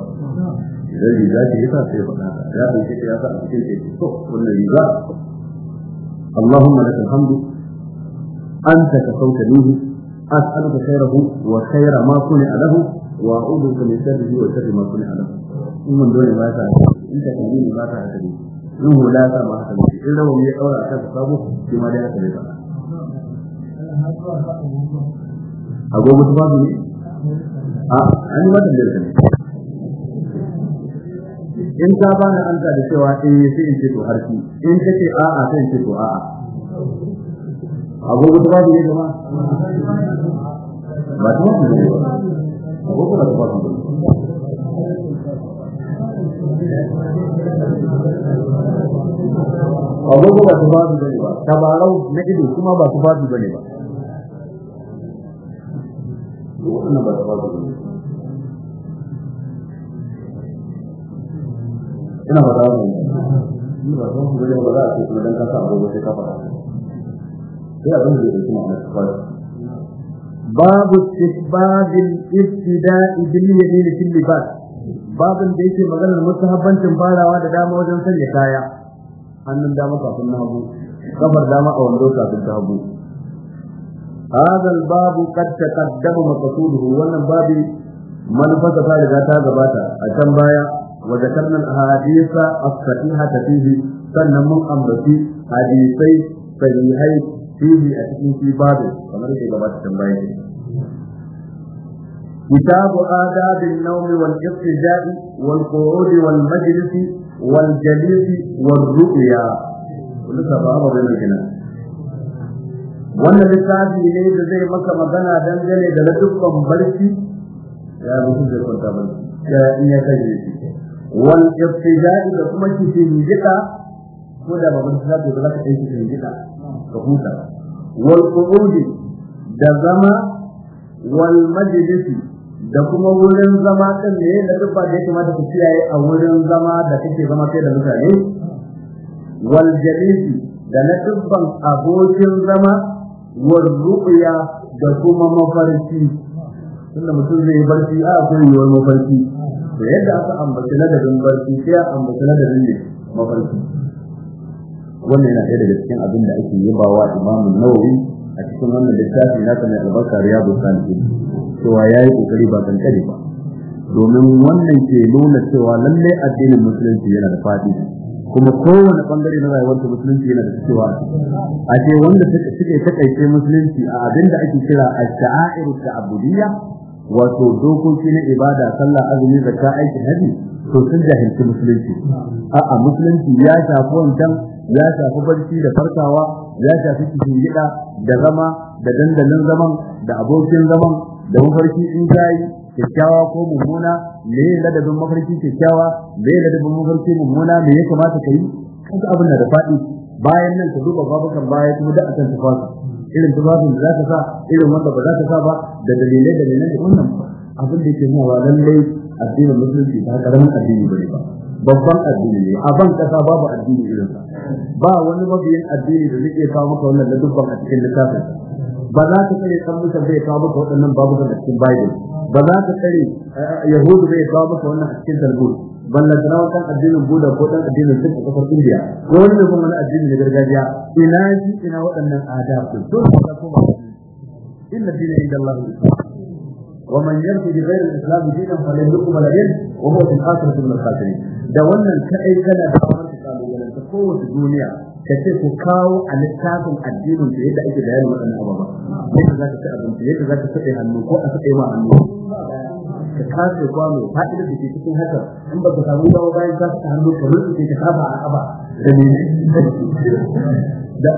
idan riga ce ya sa sai faɗa ka ya ɗauke ta ya sa a cikin sai to wannan riga Allahumma lakal hamdu anta ka sauka duhu as'aluka khairahu wa khaira ma kuni alahu wa a'udhu bika min sharrihi wa sharri ma kuni alahu in mun dole ma ta in ta kalli ba ta hadari in hula ta ma hadari in rawu ya daura ta sabo shi ma dai haka ne ba agogo ta babu ne a an yi mata da ne in ta ba na anta da cewa in eh, yi sai in ce to harfi in ta ce a'a sai in ce to a'a agogo ta babu ne gama ba ta wasu ne ba agogo ba ta wasu ne agogo ba su babu ne ba tabarau na ido kuma ba su babu ne ba duk wannan ba tawazu ne ina ba ne ba ba ba za a ce kuma sa abubuwa sai da yake kuma ana babu libas babin da yake maganar mustahabbancin farawa da dama wajen sanya kaya hannun dama kafin na hagu kafar dama a wando kafin ta hagu هذا الباب قد تقدم مقصوده وانا باب من فسفا لذاتا زباتا أتم بايا وذكرنا الأحاديث الصحيحة فيه سنم في حديثي صحيحي فيه أتكين في بابه كما رأيك زباتا بايا كتاب آداب النوم والاضطجاع والقعود والمجلس والجليس والرؤيا ولسه بابا بين الجنان wannan littafi ne da zai maka magana dangane da na dukkan barci ya mutu da kwanta barci ya in ya shi wal ibtida'i da kuma kishin gida ko da ba mutu da ba ka aiki kishin gida ka huta wal qu'udi da zama wal majlisi da kuma wurin zama kan ne da duk ba da ya kamata kiyaye a wurin zama da kake zama kai da mutane wal jalisi da na dubban abokin zama wa ru'ya da kuma mafarki tunda mutum zai barci a akwai yiwuwar mafarki da yadda aka ambaci ladabin barci sai a na ladabin ne mafarki wannan yana ɗaya daga cikin abin da ake yabawa imamun nawawi a cikin wannan littafi nasa mai albarka riyadu salihin cewa yayi kokari ba kankare ba domin wannan ke nuna cewa lallai addinin musulunci yana da fadi kuma kowane bangare na rayuwar musulunci yana da cewa a ce wanda suke takaice musulunci a abin da ake kira ash-sha'airu Abudiyya, wato dokoki na ibada sallah azumi ta aiki haji to sun jahilci musulunci a'a musulunci ya shafi wancan ya shafi barci da farkawa ya shafi cikin gida da zama da dandalin zaman da abokin zaman da mafarki in kai kyakkyawa ko mummuna me ya ladabin mafarki kyakkyawa me ya ladabin mafarki mummuna me ya kamata ka yi kaga abin da faɗi bayan nan ka duba kan baya kuma da akan tafasa irin tufafin da za ka sa irin wanda ba za ka sa ba da dalilai dalilai da wannan abin da ke nawa lallai addinin musulunci ba karamin addini bane ba babban addini ne a ban kasa babu addini irin ba wani mabiyin addini da zai iya kawo maka wannan ladabban a cikin littafin ba za ka tsare tsammuka zai kawo maka waɗannan babukan da cikin bible ba za ta tsare eh, yahudu zai kawo maka wannan a cikin Ban na tana kan addinin buda ko dan addinin sun a kasar indiya ko wani da kuma addini na gargajiya ina ji ina waɗannan adabu dole ka koma inna dina inda Allah ne ومن يرضي بغير الاسلام دينا فلن يقبل منه وهو في الاخره من الخاسرين ده wannan kai kana da wannan kalubalen ta kowace duniya ka ce ku kawo a littafin addinin da yadda ake bayani waɗannan ababa yadda za ka ci abinci yadda za ka saɗe hannu ko a saɗe ma hannu ka kace kwano fa'idar da ke cikin hakan in ba ka samu dawo bayan za ka hannu ka rufe ka saba a aba da ne da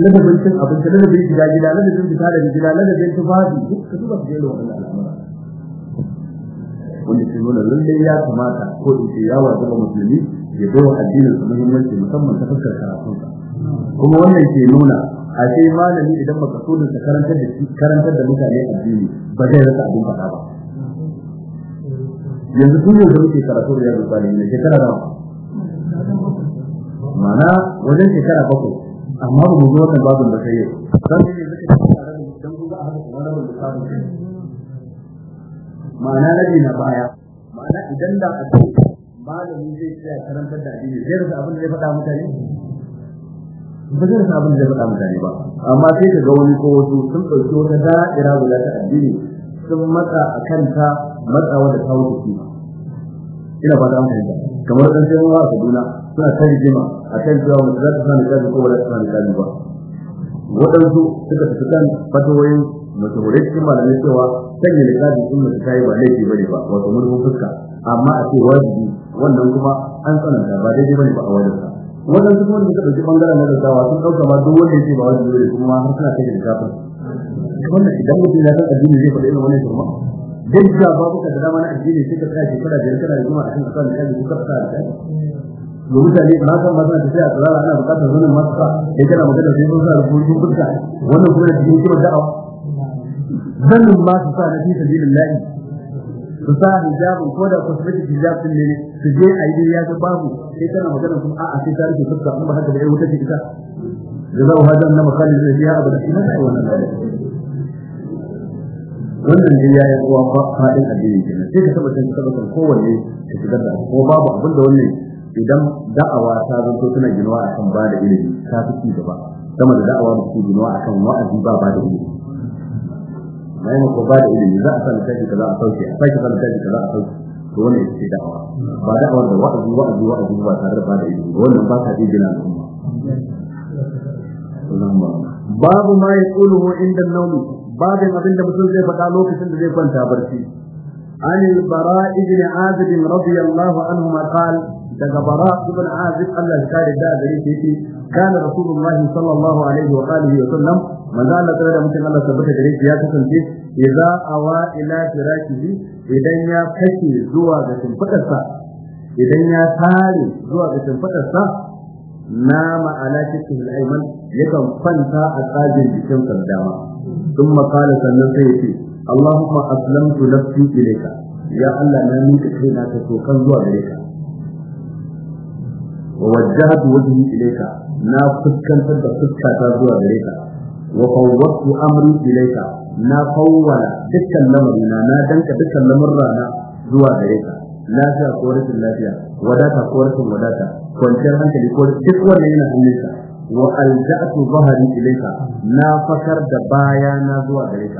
ladabin cin abinci ladabin gida gida ladabin fita da gida ladabin tufafi duk ka zuba su da waɗannan al'amura wanda ke nuna lallai ya kamata ko in ce ya wajen musulmi ya bai wa addinin su muhimmanci musamman ta fuskar karatun kuma wannan ke nuna a ce malami idan makasudin sa karantar da karantar da mutane addini ba zai rasa abin faɗa ba yanzu tun yau da muke karatu da yaro salihin ne shekara nawa Ma'ana wajen shekara bakwai amma ba mu zo wannan babin ba sai yau san ne zai ta fara da dan kuma a haka kuma rabin da sabon ma'ana rabi na baya ma'ana idan da a malami zai tsaya karantar da addini zai rasa abin da zai faɗa mutane ba zai rasa abin da zai faɗa mutane ba amma sai ka ga wani ko wasu sun ɗauki wata da'ira guda ta addini sun matsa a kanta matsawa da kawo su ina ba ta amfani da kamar ɗan sai wa duna suna ta rigima a kan cewa mutum za ta sami kaji ko ba ta sami kaji ba waɗansu suka tafi kan fatawoyin mashahurai cikin malamai cewa sanya likafi sun mutu yi ba laifi ba ne ba wato mulkin fuska amma a ce wajibi wannan kuma an tsananta ba daidai bane ba a wajen sa wannan duk wanda suka dauki bangaren na dattawa sun dauka ma duk wanda yake ba wajen ne kuma har suna kai da kafin wannan idan mutum ya san addini zai faɗi irin wannan turma duk da babu ka da mana na addini sai ka tsaya shekara biyar kana da kuma a kan kasan da kai ka tsaya da da mutane ba san ba suna tafiya a tsirara ana bukatar zanen masu sa ya kana magana sai sun sa rubutun fuska wannan kuma da cikin kiwon da'awa zanen masu sa na fi sabilin su sa hijabin ko da cosmetic hijab din ne su je a yi ya ga babu sai kana magana kuma a'a sai ta rike fuska kuma haka da ya wuta ce ita da zau hadan na makali zai biya abu da shi na sai wannan wannan ne ya yi kuwa faɗin addini kenan sai ka tabbatar da tabbatar kowanne ka shigar da ko babu abin da wannan idan da'awa ta zanto tana ginuwa akan ba da ilimi ta fi ci gaba sama da da'awa da ke ginuwa akan wa'azi ba ba da ilimi mai ko ba da ilimi za a samu tashi kaza a sauke a sake samu tashi kaza a sauke to wannan ita ce da'awa ba da'awar da wa'azi wa'azi wa'azi ba tare da ba da ilimi wannan ba ta jina al'umma babu ma ya tsuluhu inda nauni babin abin da mutum zai faɗa lokacin da zai kwanta barci عن البراء بن عازب رضي الله عنهما قال daga bara ibn azib Allah kare da gare shi yake kana sallallahu alaihi wa sallam manzo Allah sai da mutum Allah tabbata gare shi ya kasance idza awa ila firakihi idan ya kace zuwa ga tumfatarsa idan ya tare zuwa ga tumfadarsa na ma'ana cikin al'aiman kan kwanta a tsajin jikin sa dama makala sannan sai yace Allahumma aslamtu nafsi ilayka ya Allah na mika kaina ta tokan zuwa gare ka wa wajjahtu wajhi ilayka na fuskantar da fuskata zuwa gare ka وفوضت أمري إليك نا فوّل دكا لمرنا نا دنك دكا لمرنا زوا إليك لا شاء lafiya, wadata وداتا قورة وداتا kwanciyar hankali ko duk wanda yana hannunka wa alja'tu zahari ilayka na fakar da baya na zuwa gare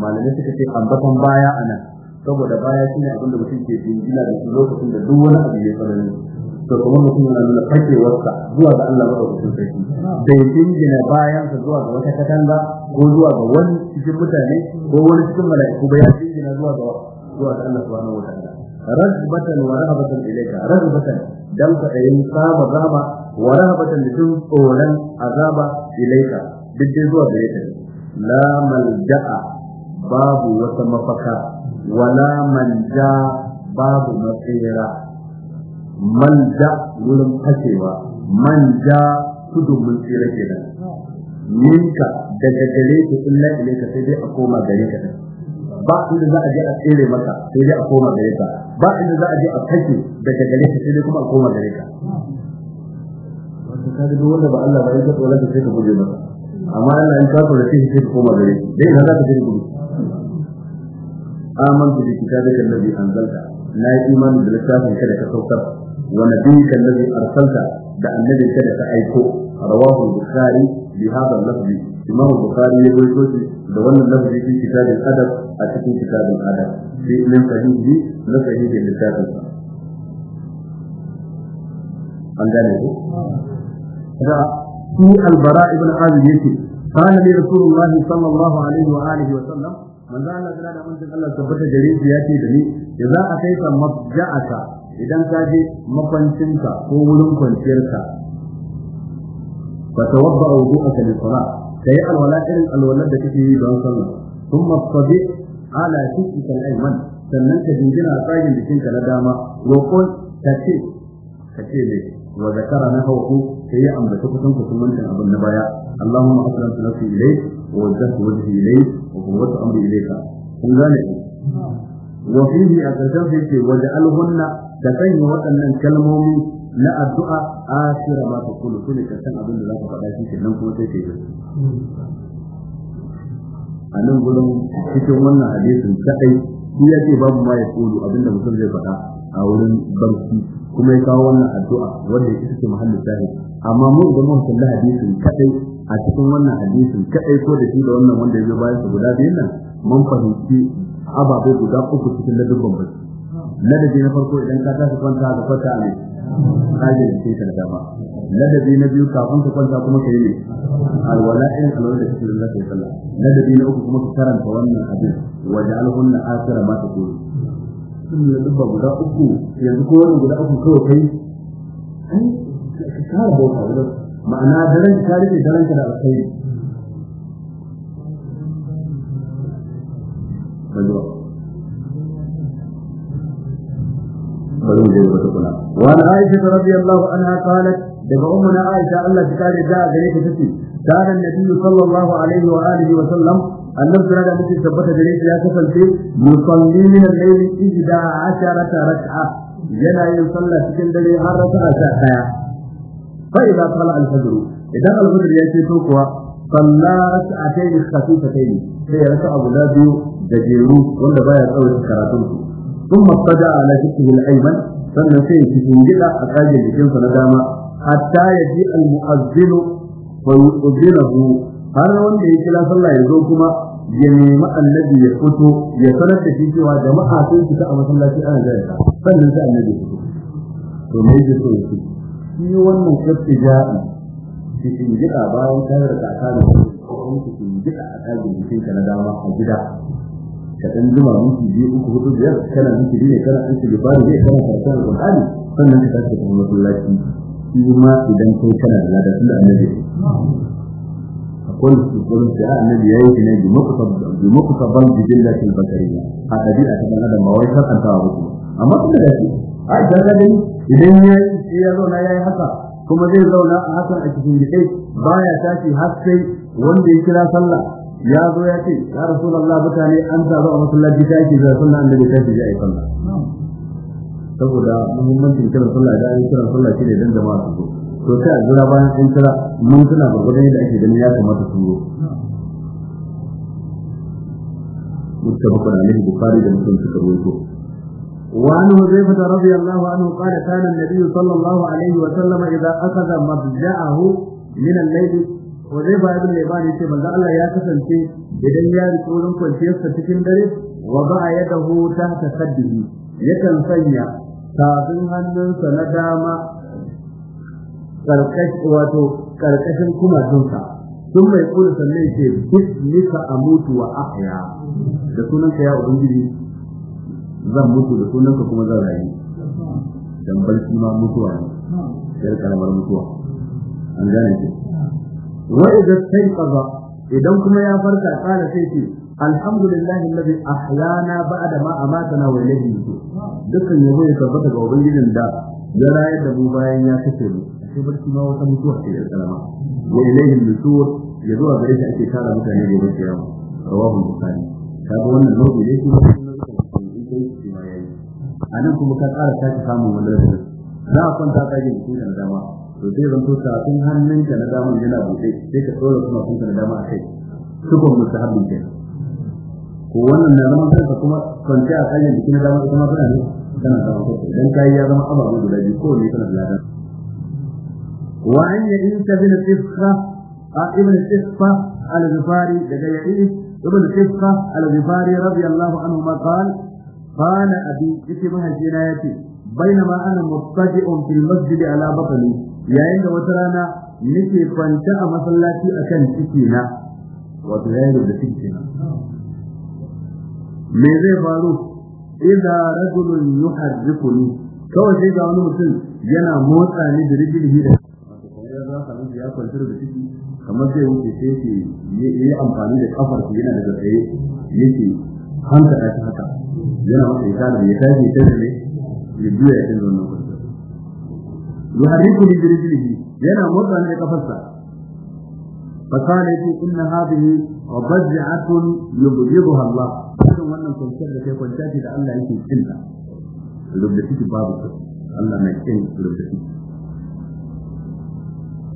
malamai suka ce ambaton baya anan saboda baya shine abin da mutum ke jingina da shi lokacin da duk wani abu ya faru. to kuma mutum na nuna fakewarsa zuwa ga Allah madaukakin sarki bai dingina bayansa zuwa ga wata katanga ko zuwa ga wani cikin mutane ko wani cikin mala'iku ba ya dingina zuwa ga zuwa ga Allah subhanahu wa ta'ala rajbatan wa rahabatan ilayka rajbatan dan ka yin saba zaba wa rahabatan da tun tsoron azaba ilayka duk dai zuwa gare ka la malja'a babu wata mafaka wala manja babu matsira Man manja wurin fashewa manja tudun mun tsira kenan ninka daga gare ka illa ilaika sai dai a koma gare ka ba inda za a je a tsere maka sai dai a koma gare ka ba inda za a je a kashe daga gare ka sai dai kuma a koma gare ka ka ga wanda ba Allah ba ya tsoro da sai ka guje masa amma Allah in ka fara sai ka koma gare shi dai na za ka je gudu amantu bi kitabika alladhi anzalta na yi imani da littafin ka da ka saukar ونبيك الذي أرسلت بأن الذي كان أيكو رواه البخاري بهذا اللفظ إمام البخاري يقول كوتي دولنا اللفظ في كتاب الأدب أتكون كتاب الأدب في من صحيحه لا صحيح لكتاب an gane ku da shi albara ibn azib yake kana li rasulullah sallallahu alaihi wa alihi wa sallam manzo Allah da mun Allah tabbata gare shi yake da ni idza ataita idan ka je makwancinka ko wurin kwanciyarka fatawadda wudu aka ne sala kai alwala irin alwalar da kake yi don sallah thumma fadi ala tikka alayman sannan ka jingina tsagin jikin ka na dama roko ka ce ka ce ne na hawu kai yi ambata kusan kusan wannan abin na baya allahumma aslam tu nafsi ilay wa zakka wajhi ilay wa qurratu amri ilayka kun gane wa fihi akasafi wa ja'alhunna da sanya waɗannan kalmomi na addu'a asira ba ta kullu sune san abin da za ka faɗa shi nan kuma sai ka yi a nan gudun, cikin wannan hadisin kadai shi ya ce babu ma ya kullu abin da mutum zai faɗa a wurin barci kuma ya kawo wannan addu'a wanda ya cikin muhallin sahi amma mu idan mun kalli hadisin kadai a cikin wannan hadisin kadai ko da shi da wannan wanda ya zo bayan su guda biyu nan mun fahimci ababai guda uku cikin ladabban barci ladabi na farko idan ka tashi kwanta ka kwanta ne Ka kajin sai ka dama ladabi na biyu kafin ka kwanta kuma kai ne alwala in alwala da cikin zaka yi sallah ladabi na uku kuma ka karanta wannan abin waje alhunna akira ma ta koyi sun ne dubba guda uku yanzu ko wannan guda uku kawai kai ka kara bauta wajen ma'ana daren ka rike daren ka da alkhairi Thank you. bari mu je ga wata kula wa an aisha radiyallahu anha qalat daga ummuna aisha Allah ta kare da gare ta tace kana nabiyyu sallallahu alaihi wa alihi wa sallam annab sura da muke tabbata gare shi ya kasance musalli min al-layl ihda asharata rak'a yana yin sallah cikin dare har raka'a ta daya fa idza qala idan al-fajr ya ce to kuwa salla rak'atayn khafifatayn sai ya raka'a guda biyu da jeru wanda baya tsawon karatun ثم اضطجع على شقه الايمن sannan sai cikin gida a tsage jikinsa na dama hatta ya ji almu'azzinu wa yu'zinahu har wanda ya kira sallah ya zo kuma ya nemi annabi ya fito ya sanar da shi cewa jama'a sun fita a masallaci ana jira sannan sai annabi ya fito to me yake so ya ce cikin gida bayan tayar da tsakanin ko kuma cikin gida a na dama a gida Kaɗan dan zuba musu biyu uku hudu biyar kana miki ne kana miki gibari ne kana karanta alqur'ani sannan ka tashi da masallaci shi ma idan kai kana da ladan da annabi akwai su gurin da annabi yayi ne bi muqtab bi muqtaban bi billati al-basariya a tabi'a ta dan adam ba wai kan ta ba amma kuma da shi a idan da idan ya zauna ya yi haka kuma zai zauna a hakan a cikin gidai baya tashi har sai wanda ya kira sallah ya zo ya ce ya rasulullah mutane an taru a masallaci ta yake da sunna annabi ta yake ai sallah saboda muhimmancin kiran sallah da ai kiran sallah shi ne dan jama'a su zo to sai a jira bayan an kira mun suna gurgurdan da ake ganin ya kamata su zo متفق عليه البخاري ومسلم في الروايه وعن حذيفة رضي الله عنه قال كان النبي صلى الله عليه وسلم إذا أخذ مضجعه من الليل Wazai ba ibn Leban ya ce manzo Allah ya kasance idan ya rike wurin kwanciyarsa cikin dare wa ba'a yadahu tahta khaddihi yakan sanya tafin hannunsa na dama karkashin wato karkashin kumatunsa sun mai kula sannan yake bismika amutu wa ahya da sunanka ya ubangiji zan mutu da sunanka kuma zan rayu dan barci ma mutuwa ne sai kalmar mutuwa an gane ki wa idza sayqaza idan kuma ya farka kana sai ce alhamdulillah alladhi ahyana ba'da ma amatana wa ilayhi nusur dukkan yabo ya tabbata ga ubangijin da ya rayar da mu bayan ya kace mu sai barci ma wata mutuwa ce da kalama wa ilayhi nusur ya zuwa gare shi ake tara mutane da yabo kiyama rawahu bukhari kaga wannan a nan kuma ta ƙara sake samun za a kwanta ka yi dama to sai zan tuka tun hannunka na dama yana buɗe sai ka tsora kuma kun na dama akai sukun mustahabbi ke ko wannan na zama kanka kuma kwanta a kan jiki na dama kuma kana ne kana zama ko dan kai ya zama ababu guda biyu ko ne kana ladan wa an yadin ta bin sifqa a ibn sifqa al-ghifari daga yadin ibn sifqa al-ghifari radiyallahu anhu ma qala قال أبي كتبها جنايتي بينما أنا مضطجئ في المسجد على بطني yayin da wata rana nake kwanta a masallaci akan ciki na wato yayin da ciki na me zai faru idza rajulun yuharrikuni kawai sai ga wani mutum yana motsa ni da rijilihi da ya kwantar da ciki kamar zai wuce sai ke yi amfani da kafar ku yana daga tsaye yake hanta da haka yana wata ya da ya tashi ya tada ne ya biya ya tada wannan يحرك برجله يانا موضع لقفصه فقال يقول إن هذه رضجعة يبغضها الله فإن وانا كنتر كيكون تاتي لأن لا يكون إلا لبسيك بابك الله ما يكون لبسيك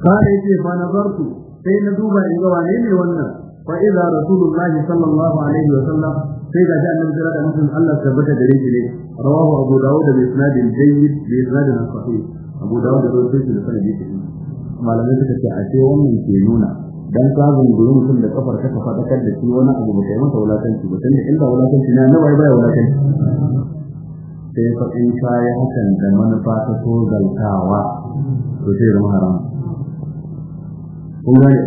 قال يقول فنظرت فإن دوبا إذا وانيني وانا فإذا رسول الله صلى الله عليه وسلم فإذا جاء من جلال أنه الله سبت دريجي رواه أبو داود بإسناد الجيد بإسناد الصحيح abu da wanda zai sai da sanadi ta malamai suka ce a ce wannan ke nuna dan sabon gurin sun da kafar ka kafa ta kar da shi wani abu ba kai masa wulakanci ba tunda inda wulakanci na nawa baya wulakanci sai fa in kayan hakan da manufa ta so zaltawa to sai zama haram kun gane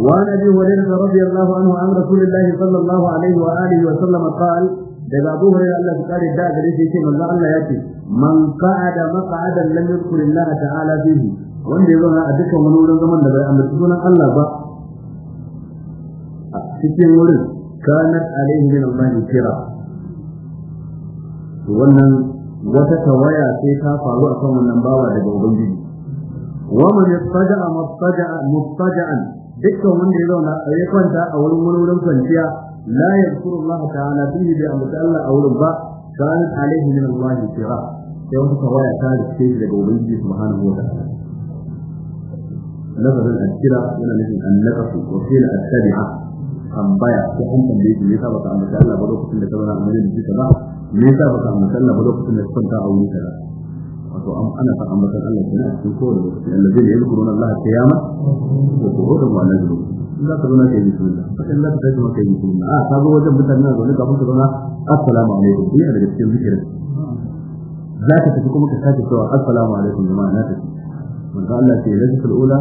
وعن ابي هريره رضي الله عنه عن رسول الله صلى الله عليه واله وسلم قال daga abu hurairah Allah ya kare da gare shi yake manzo Allah ya ce man qa'ada maq'adan lam yadhkur Allah ta'ala bihi wanda ya zauna a dukkan wani wurin zaman da bai ambaci sunan Allah ba a cikin wurin kanat alaihi min Allah kira to wannan wata tawaya sai ta faru a kan wannan bawa daga ubangiji wa man yastaja'a mustaja'a mustaja'an dukkan wanda ya zauna a ya kwanta a wurin wani wurin kwanciya la yadhkuru Allah ta'ala bihi bi amri Allah a wurin ba kanat alaihi min Allah kira sai wata tawaya ta rike shi daga ubangiji subhanahu wa ta'ala nazarin al-kira yana nufin an-naqsu wa qila at-tabi'a tambaya ko an tambaye shi me yasa baka amsa Allah ba lokacin da ka zauna a madina jika ba me yasa baka amsa Allah ba lokacin da ka kwanta a wurin kaza wato an ana fa amsa Allah kana a cikin kowane lokaci allazi ne yadhkuruna Allah qiyama wa qu'udan wa ala junub in za ka zauna kai bismillah fa in za ka tashi maka bismillah a ka zo wajen mutane na zaune kafin ka zauna assalamu alaikum ina daga cikin zikirin ذاك تكون مكتاك سواء السلام عليكم جماعة ناتك نعم. من قال لك في الهدف الأولى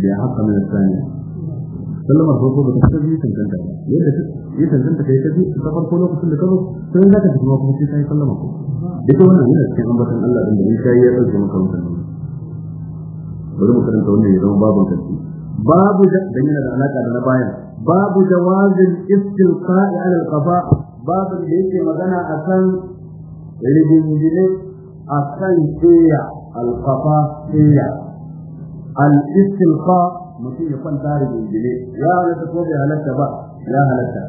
بأحق من الثانية صلى الله عليه وسلم تكتب لي تنزلت ليه تنزلت كي تكتب تفر فولو كل كبه صلى الله عليه وسلم تكتب لي صلى الله عليه وسلم ديكو هنا هنا الله عند الإنشاء يرز من قوم سلم بدو مكرم تولي يرون باب الكتب باب جاء بيننا دعناك على نبايا باب جواز الاستلقاء على القضاء باب الهيكي مدنا أسان rigingine a kan tsaya alkafa tsaya al-istilqa mutum ya kwanta rigingine ya halatta ko bai halatta ba ya halatta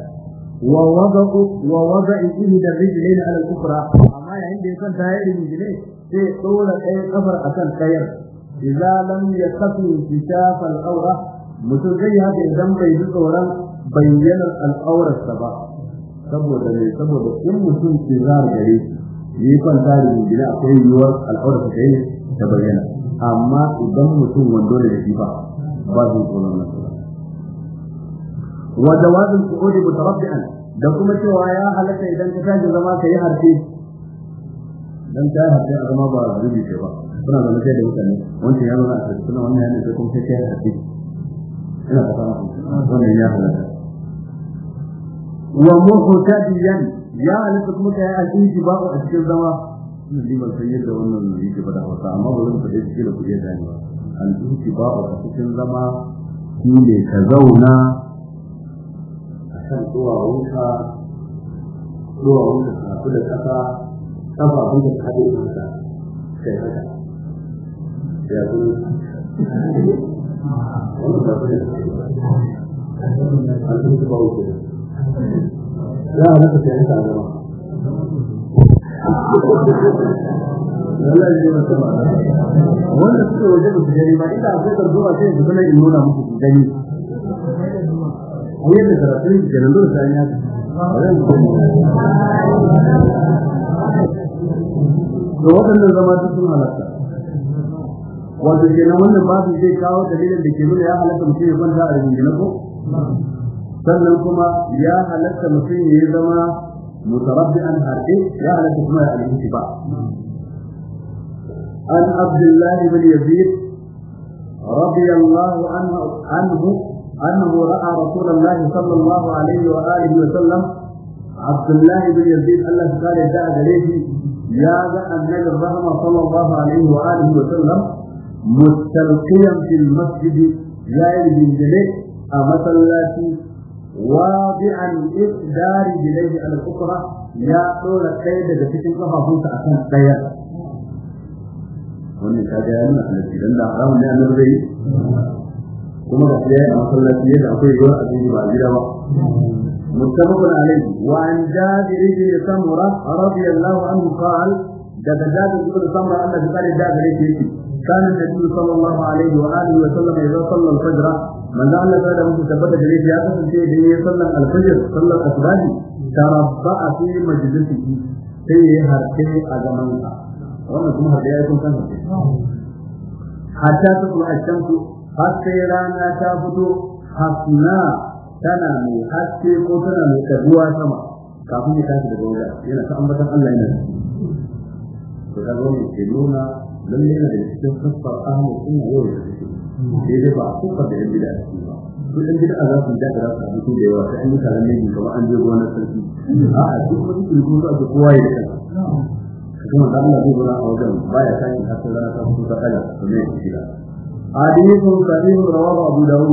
wa wada'u wa wada'i ihda rijlayn ala al-ukhra amma yayin da ya kwanta ya rigingine sai dora ɗayan kafar akan ɗayar idza lam yakafi inkishaf al-awra mutum zai haka idan bai ji tsoron bayyanar al'aurarsa ba saboda ne saboda in mutum ke zara gare ya yi kwanta da jingina akwai yiwuwar al'aura ta kai ta bayyana amma idan mutum wando ne da shi ba ba zai tsoron nan wa jawazin qu'udi mutarabbi'an da kuma cewa ya halatta idan ka tashi zama ka yi harfi dan ta harfi a zama ba rubi ce ba suna zama sai da mutane wancan ya zama a harfi suna wannan ya ne kuma sai ta yi harfi ina fata wannan ya halatta wa muhtadiyan ya halitta kuma ka yi al'inji ba a cikin zama ji ban san yadda wannan yake ke da hausa amma ba zan faɗe shi da kuɗe da ni ba ba a cikin zama shi ne ka zauna a kan duwawunka duwawunka kafu da ƙasa abin da kaɗe kanka kai haka ya kuma wannan ba su da al'inji ba wuce ya halatta wanda suke waje da gari ba ina akwai tarjuma sai su sanar in nuna muku su gani a yadda karatun su kenan dole sai da waɗannan zama sun halatta wato kenan wannan babu zai kawo dalilin da ke nuna ya halatta mutum ya kwanta a yanzu na ko sannan kuma ya halatta mutum ya zama mutarabbi'an harbi ya halatta kuma ya alhinci ba an abdullahi bin yazid رضي الله عنه عنه أنه رأى رسول الله صلى الله عليه وآله وسلم عبد الله بن يزيد الله تعالى جاء إليه يا ذا النبي الرحمة صلى الله عليه وآله وسلم مستلقيا في المسجد يا ابن جليل a masallaci واضعا إقداري بليه على الأخرى يا طول القيدة جفتين قفا فنسا أسان قيادة وني كاجانا التي لندى حرام لأن الرئي ثم رسيان أصلا سيئة أطيب وأزيد بعد متفق عليه وعن جابر بن سمرة رضي الله عنه قال daga jabir ibn samra Allah ya kare jabir ne yake kan da su sallallahu alaihi wa alihi wa sallam ya sallal fajr manzo Allah ya dawo tabbata da yake ya kasance da ya sallan al fajr sallar asrani ta rabba a fi majlisi sai ya harke a zaman sa wannan kuma har da yake kan sa hatta ta kuma ajjan ku haske rana ta fito hasna tana mai haske ko tana mai karuwa sama kafin ya tashi daga wuya yana ta ambatan Allah yana to da ke nuna don yana da cikin kafar ahmu sunna yau da kake dai ba kuka da yan bid'a ce ba duk yan bid'a za su da za su abu da yawa ta yi ne kamar an je gonar sarki a a duk wani kullu za su kowa ya kasa kuma da Allah zai gura a wajen baya tashi a cikin ranar kafin ta kala kuma ya ci da hadithun sahih ba abu dawud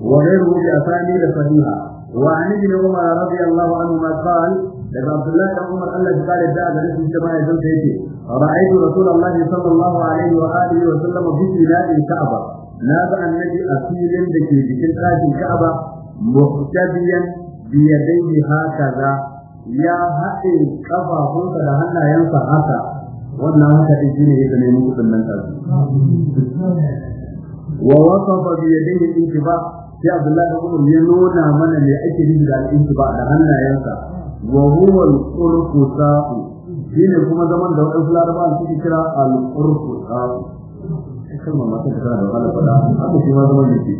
wa ghayruhu bi asani la sahiha wa an ibn umar radiyallahu anhu ma qala daga Abdullahi da Umar Allah ya kare da ga rikin jama'a idan sai yake ra'aytu Rasulullahi sallallahu alaihi wa alihi wa sallam bi biladil Ka'aba na ga annabi a filin da ke jikin ɗakin Ka'aba muhtabiyan bi yadayhi hakaza ya haɗe kafafunsa da hannayensa haka wannan haka din shine ya ne muku sannan ta wa wasafa bi yadayhi intiba sai Abdullahi da Umar ya nuna mana me ake nufi da al-intiba da hannayensa wa huwa al-qurqusa'u shine kuma zaman da wadansu larabawa suke kira al-qurqusa'u kalma ma ta tana da wala fada haka shi ma zaman da ke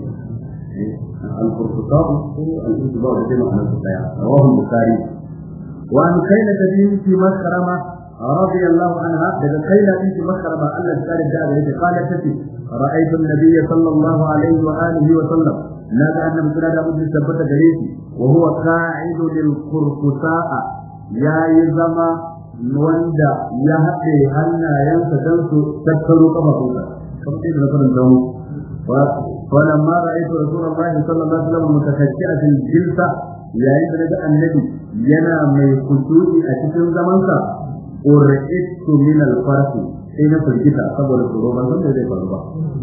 eh, al-qurqusa'u ko al-intiba'u da kuma ana tsaya wa an رضي الله عنها daga kaila binti makarama Allah ta da da yake kala tace ra'aytu an-nabiy sallallahu alaihi wa sallam na ga annabi sura da mutum tabbata gare shi wa huwa qa'idu lil qurqusa'a yayi zama wanda ya haɗe hannayensa don su tattaro kafafunsa kamar sai da farin dawo فلما رأيت رسول الله صلى الله عليه وسلم متفكرا ga annabi, yana mai النبي a cikin خشوع أتكلم زمانك أرئت من الفرس sai na firgita saboda tsoro ban san me zai faru ba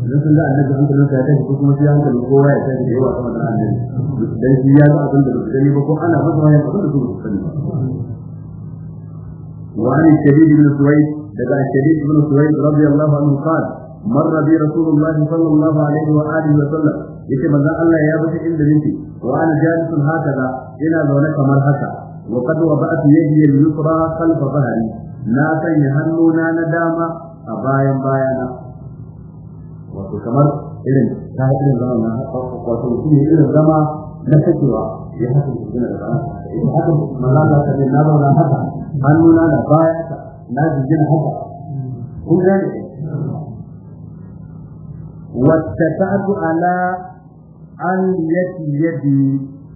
idan sun ga annabi hankalin sa ya tashi ko kuma shi hankalin kowa ya tashi da yawa sama da annabi dan shi ya ga abin da ba gani ba ko ana masa wani abin da su ba sani ba وعن الشديد بن سويد لقى الشديد بن سويد رضي الله عنه قال مر بي رسول الله صلى الله عليه وآله وسلم yace manzon Allah ya bi inda nake wa ana jalisun hakaza ina zaune kamar haka wa qad wa ba'at yadi al-yusra khalfa dhahri na sanya hannuna na dama a bayan bayana wato kamar irin ta irin zama na wato mutum irin zama na sakewa ya haka mutum da zama ita haka mallaka ta ne na zauna haka hannuna da baya na jijjina haka kun gane واتكأت على ألية يدي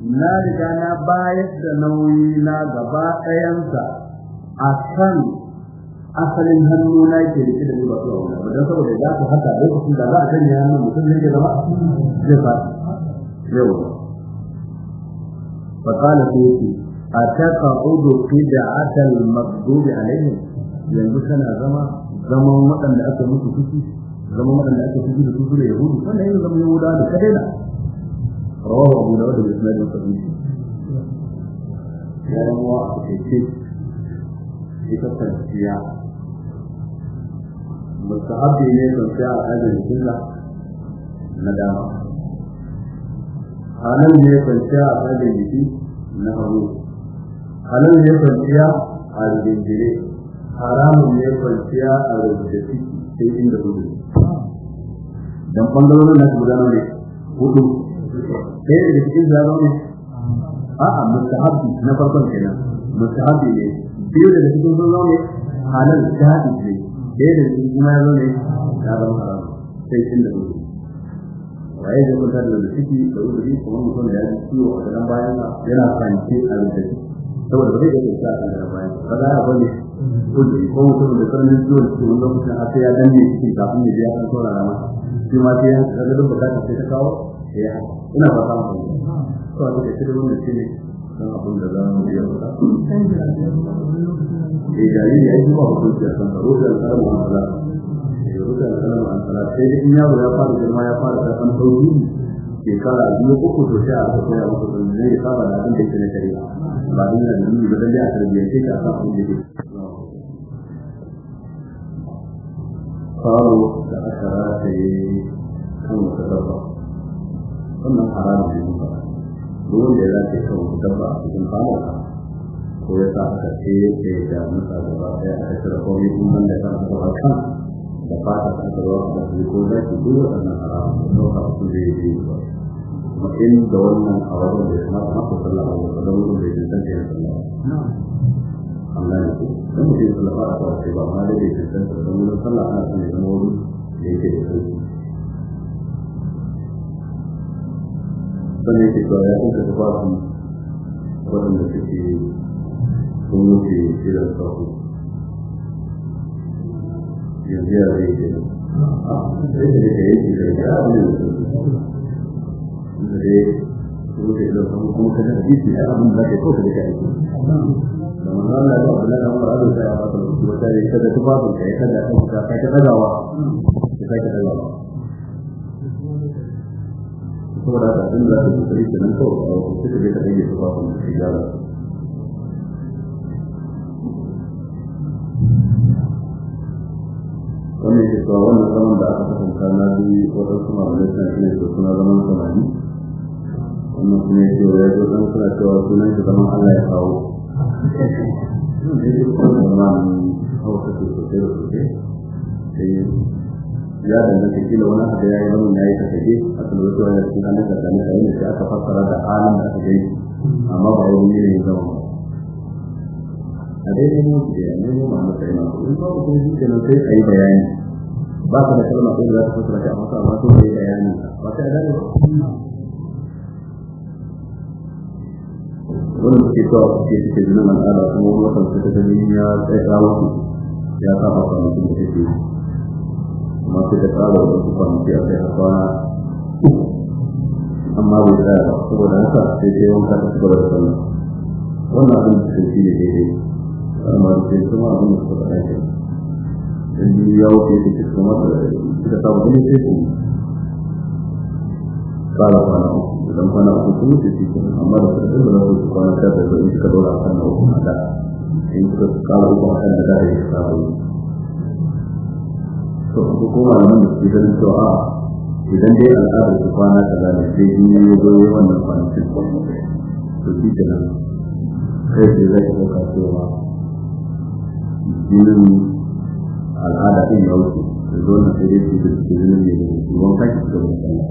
na riga na bayar da nauyi na gaba ɗayansa a kan asalin hannu na yake da kida ba zuwa wannan ba dan saboda da ku haka da lokacin da za a sanya hannun mutum ne ya zama zai fa yau fa qala udu ataqa'udu qida'atal maqdud alayhi yanzu kana zama zaman waɗanda aka mutu fushi zaman waɗanda aka fushi da su da yahudu kana yin zaman yahuda da na rawahu abu dawud da isnad sahih ya rawa a cikin ita kwanciya mustahabbi ne sun tsaya a kan jibla na dama halal ne sun tsaya a kan jiki na hagu halal ne sun tsaya a jibla haramun ne sun tsaya a ciki sai inda hudu dan bangarorin na guda ne hudu sai da cikin zaba ne a'a mustahabbi na farkon kenan mustahabbi ne biyu da cikin sun zaba ne halal jihadi ne ɗaya da kuma ya ne ya zama haram sai cin da wuri waye da mutar da ciki da wuri kuma mutum da ya ciwo a gaban bayan yana kwanci a rubuce saboda ba zai iya kusa a gaban bayan ba za a gwani ko mutum da tsananin ciwon cikin wani lokacin a sai ya danne cikin kafin ya biya kan saurara masa shi ma sai ya ga duk bukata sai ta kawo ya ina ba ta mu to a cikin wannan shi kan abin da za mu iya faɗa. E eh, jariri ya yi ba hukunci a kan tsaro da alƙalamu a sala. Ya rufe alƙalamu a sala sai dai in ya fara girma ya fara ta Ya sauri shekara biyu uku to a kafa ya mutu da zai saba da ya da yake na shari'a. Ba din da nuni ba dan a tarbiyyance shi a kan abin da yake. Faro da aka rataye kan wata dabba. Wannan haramun ne ba. duk wanda ya zafi kan dabba a cikin famon ko ya sa aka ce da ya da masa gaba ɗaya a cikin rahomi kuma ya sa gaba kan da fata ta aka zuwa da su ko da ɗauka su zai yi ba kuma in da wannan a wajen da ya kamata da wurin da ya Allah mutum a kawai ba ma da ya da wurin sallah ya zama wurin da da sannan ke cewa ya kuka tufafi waɗanda suke sun wuce shirin sahu yanzu ya zai ke da ya yi da ya abin da da dai sun wuce shirin sahu kuma ka nan jiki ya abin da ke kawai da ka aiki da manzan da ya abu na da mara azuta ya fata da su wata ya kada tufafin ka ya kada ka ka ka ɗagawa ya ka ɗagawa saboda da abin da za ta kokari da a wasu suka je ka ɗage su ba kuma su gyara wannan ke cewa wannan zaman da aka kasanta na biyu waɗansu mamalai suna shi ne su suna zaman samani wannan kuma ya ce wa ya zo ɗan suna cewa sunan shi zaman Allah ya kawo ne hausa ke sosai da sosai ya danganta kila wani abu ya yi lamun ya yi tafiye a kan wasu cikin an daga sami a da aka fassara da halin da aka gani amma ba wani yanayin zama a daidai ne wuce da ne ne ma masa yana in ba ku kuma zuciya nan sai a yi bayani ba ka da kalma ko za ta fassara ta amma ba ta yi bayani ba ta da ba suke cewa suke suke jinin al'ada kuma wani wata suka ta ya tsaye ya saba kwanakin da take yi amma sai da tsara wani su kwanci a kai kwana amma bai tsaya ba saboda haka sai dai wanka ta gaba da sallah wannan abin da shi ne daidai amma da sai kuma abin da suka faɗa in ji ya wuce ta ci kuma ta wani sai tsara kwana uku idan kwana uku sun wuce kuma amma da sarkin da su kwana sha biyar in suka dora a kan na uku da in suka da za a yi tsara to su ko malaman da suke ganin cewa a idan dai al'adar su kwana kaza ne sai in ya zo ya wannan kwanakin to shi ke nan kai sai zai ɗauka cewa jinin al'ada ɗin ya wuce da zo na sai dai su da suke ganin ne da su wanka ki suka bai kalla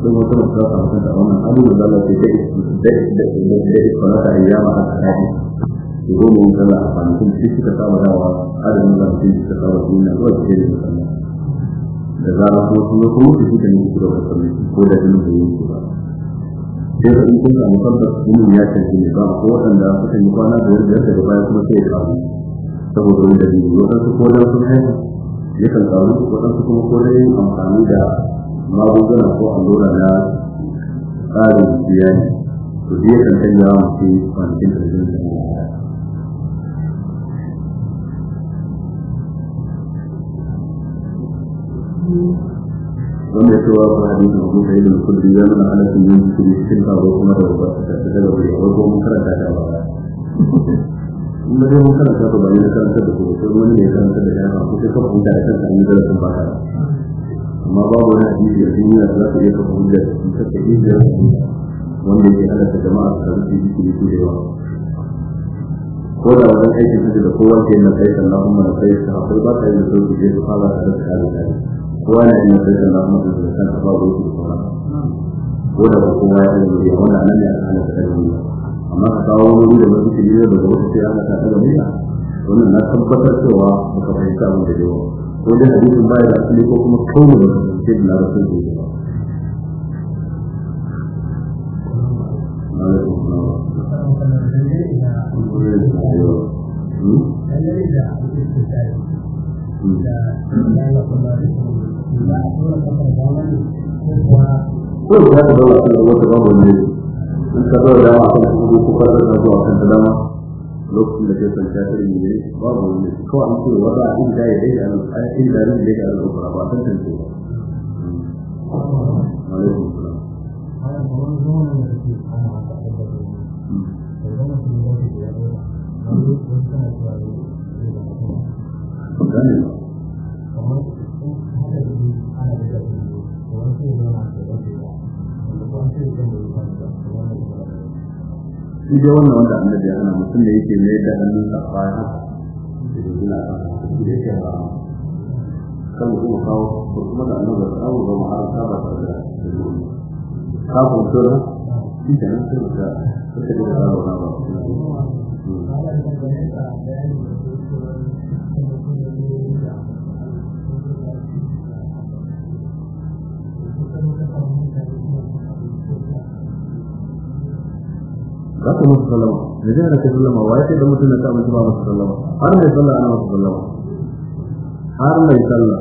don wata masu kasa a kanta wannan abu da zalace da ita da ita dai da ita da da ita a ita su zo mu a kwanakin da suka saba dawa adadin da mutum suka saba su yana zuwa cikin da da zarar kuma sun kuma su suka nemi shiga wasu kwanakin ko da jini da yin su ba sai da in kun samu tabbas jinin ya canji ne ba ko waɗanda suka yi kwana da yadda yadda baya kuma sai ya kawo saboda wani dalili waɗansu ko dan sun haihu yakan kawo waɗansu kuma ko yin amfani da magunguna ko allura na tsarin biyani to zai kan canjawa mutum kwanakin da jini da yin wanda ya cewa ba hadisi da kuma sayyidin kulli ya nuna ana sun yi su cikin sabo kuma da ba su tafi daga wuri wai ko mun karanta da ba na yi mun karanta ba ne karanta da kuma sai wani ne karanta da yana ko sai ka fahimta da kanka ne darasin ba ka amma babu wani hadisi a duniya da za ka iya ka fahimta da kuma ka fahimta wanda ke halatta jama'a ta karanta da kuma da yawa ko da wajen aikin hajji da kowa ke na kai sallahu kuma na kai sa akwai ba ka yi da sauki je su fara da rasa kare wani ne sai da na da kan ba ko shi ko ko da ko ya yi ne wannan nan ne a kana da dalili amma ka kawo wani da wani shi ne da wani sai ana ta da mai wannan na tabbatar cewa baka fahimta mun da yawa ko da hadisin baya da asali ko kuma kauna da sai da rasul ne alaikum salam hmm? كل هذا دولة كان الله تبارك وتعالى إن كبر دعوة كان الله كبر دعوة كان دعوة لوكسي لك يسأل كافر من ذلك بابا من ذلك كو أن كل وضع إلا يديه على الحياة إلا لم يديه على الأخرى وعطان تنسوها عليكم السلام هذا gane ba shi dai wannan wanda annabi ya hana mutum da yake mai da hannun sa baya da yana ba da yake ba kan kuma kawo ko kuma da annabi kawo ba har ta ba ta da ka ko to shi da nan sai ta ka ta ba za ka musu sallama da zai rake sallama wa ya ce da mutum na ta mutu ba musu sallama har mai sallah ana masu sallama har mai sallah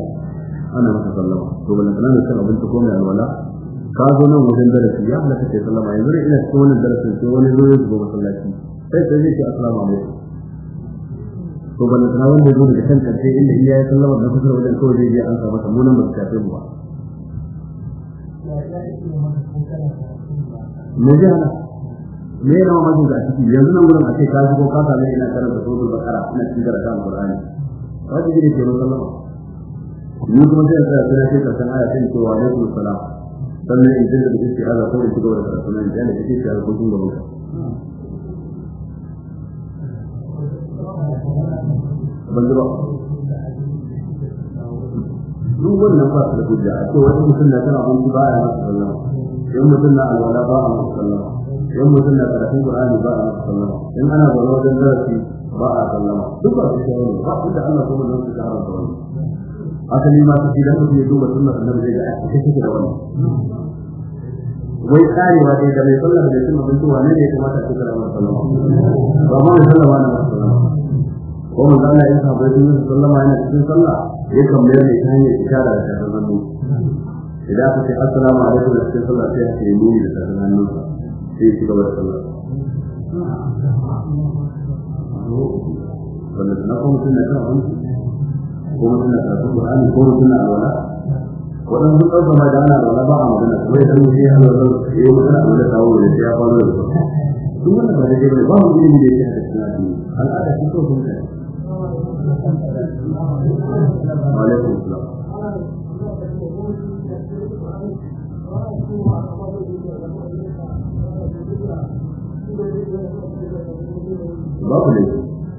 ana musu sallama to ban kana ne kan abinci ko mai alwala ka zo nan wajen darasi ya halaka sai sallama yanzu ne ina cikin wani darasin sai wani zo ya shigo masallaci sai sai zai ce assalamu alaikum to ban kana wanda zo daga kan karshe inda iya ya sallama da kusa wajen kawai zai je an sa masa mu nan ba mu ba me me yana ma da ciki yanzu nan gurin a ka shigo ka same ina karanta suratul baqara ina cikin karanta alqur'ani wata gidi ke musallama ni kuma sai tsaya ce wa alaikum salam sannan in da ko da karatu da shi ba duk wannan ba su da hujja a cewa in mutum na kan abinci ba ya masa sallama in mutum na alwala ba a masa sallama in mutum na karatun qur'ani ba a masa sallama in ana zaune wajen darasi ba a sallama duk ba su shawo ba su da Allah kuma don su ka haramta wannan asali ma su idan mutum ya duba sunnar annabi zai ga a cikin take da wannan wai karewa dai da mai sallar da sun abinci wane ne ya kamata su kara masa sallama ba ma mai sallama na masa sallama ko mun zana yin sahabbai sun sallama yana cikin sallah ya kamar da ita hanyar ishara da tafin hannu idan aka ce assalamu alaikum da cikin sallah sai ake nuni da tafin hannunsa sai ci gaba da sallah wanda na kuma mutum na kan hannu ko mutum na karatun burhani ko mutum na alwala waɗansu duk ɗauka ma da ana alwala ba a magana kuma ya san ya alwala ya yi magana da kawo da ya faru da su duk wanda ba da ke ba mu ilimi da ya ce a cikin al'ada shi kawai sun kai alaikum salam ne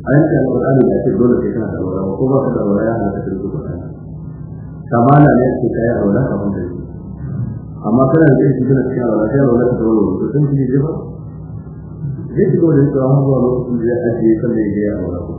a yanke alƙur'ani da ake dole sai kana da aure ko ba ka da aure ya halatta kirki ƙur'ani na ne ake kayan aure kafin da shi amma kana da shi kana cikin aure sai ta dole to sun ji ji zai ci gaba da yin tsawon zuwa lokacin da ya ajiye kan da ya aure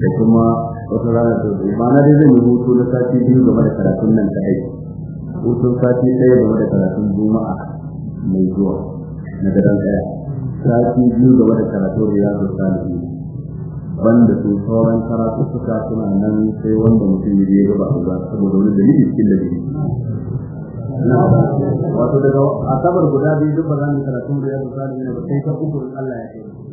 da kuma wata rana ta zai ba na zai hutu na sati biyu game da karatun nan ta aiki hutun sati ɗaya game da karatun juma'a mai zuwa na gadon ɗaya sati biyu game da karatun riyadu salihu banda su sauran karatu suka suna nan sai wanda mutum ya je gaba ba saboda wani dalili cikin biyu wato daga asabar guda biyu duk ba za mu karatun riyadu salihu ne ba sai ta uku Allah ya ce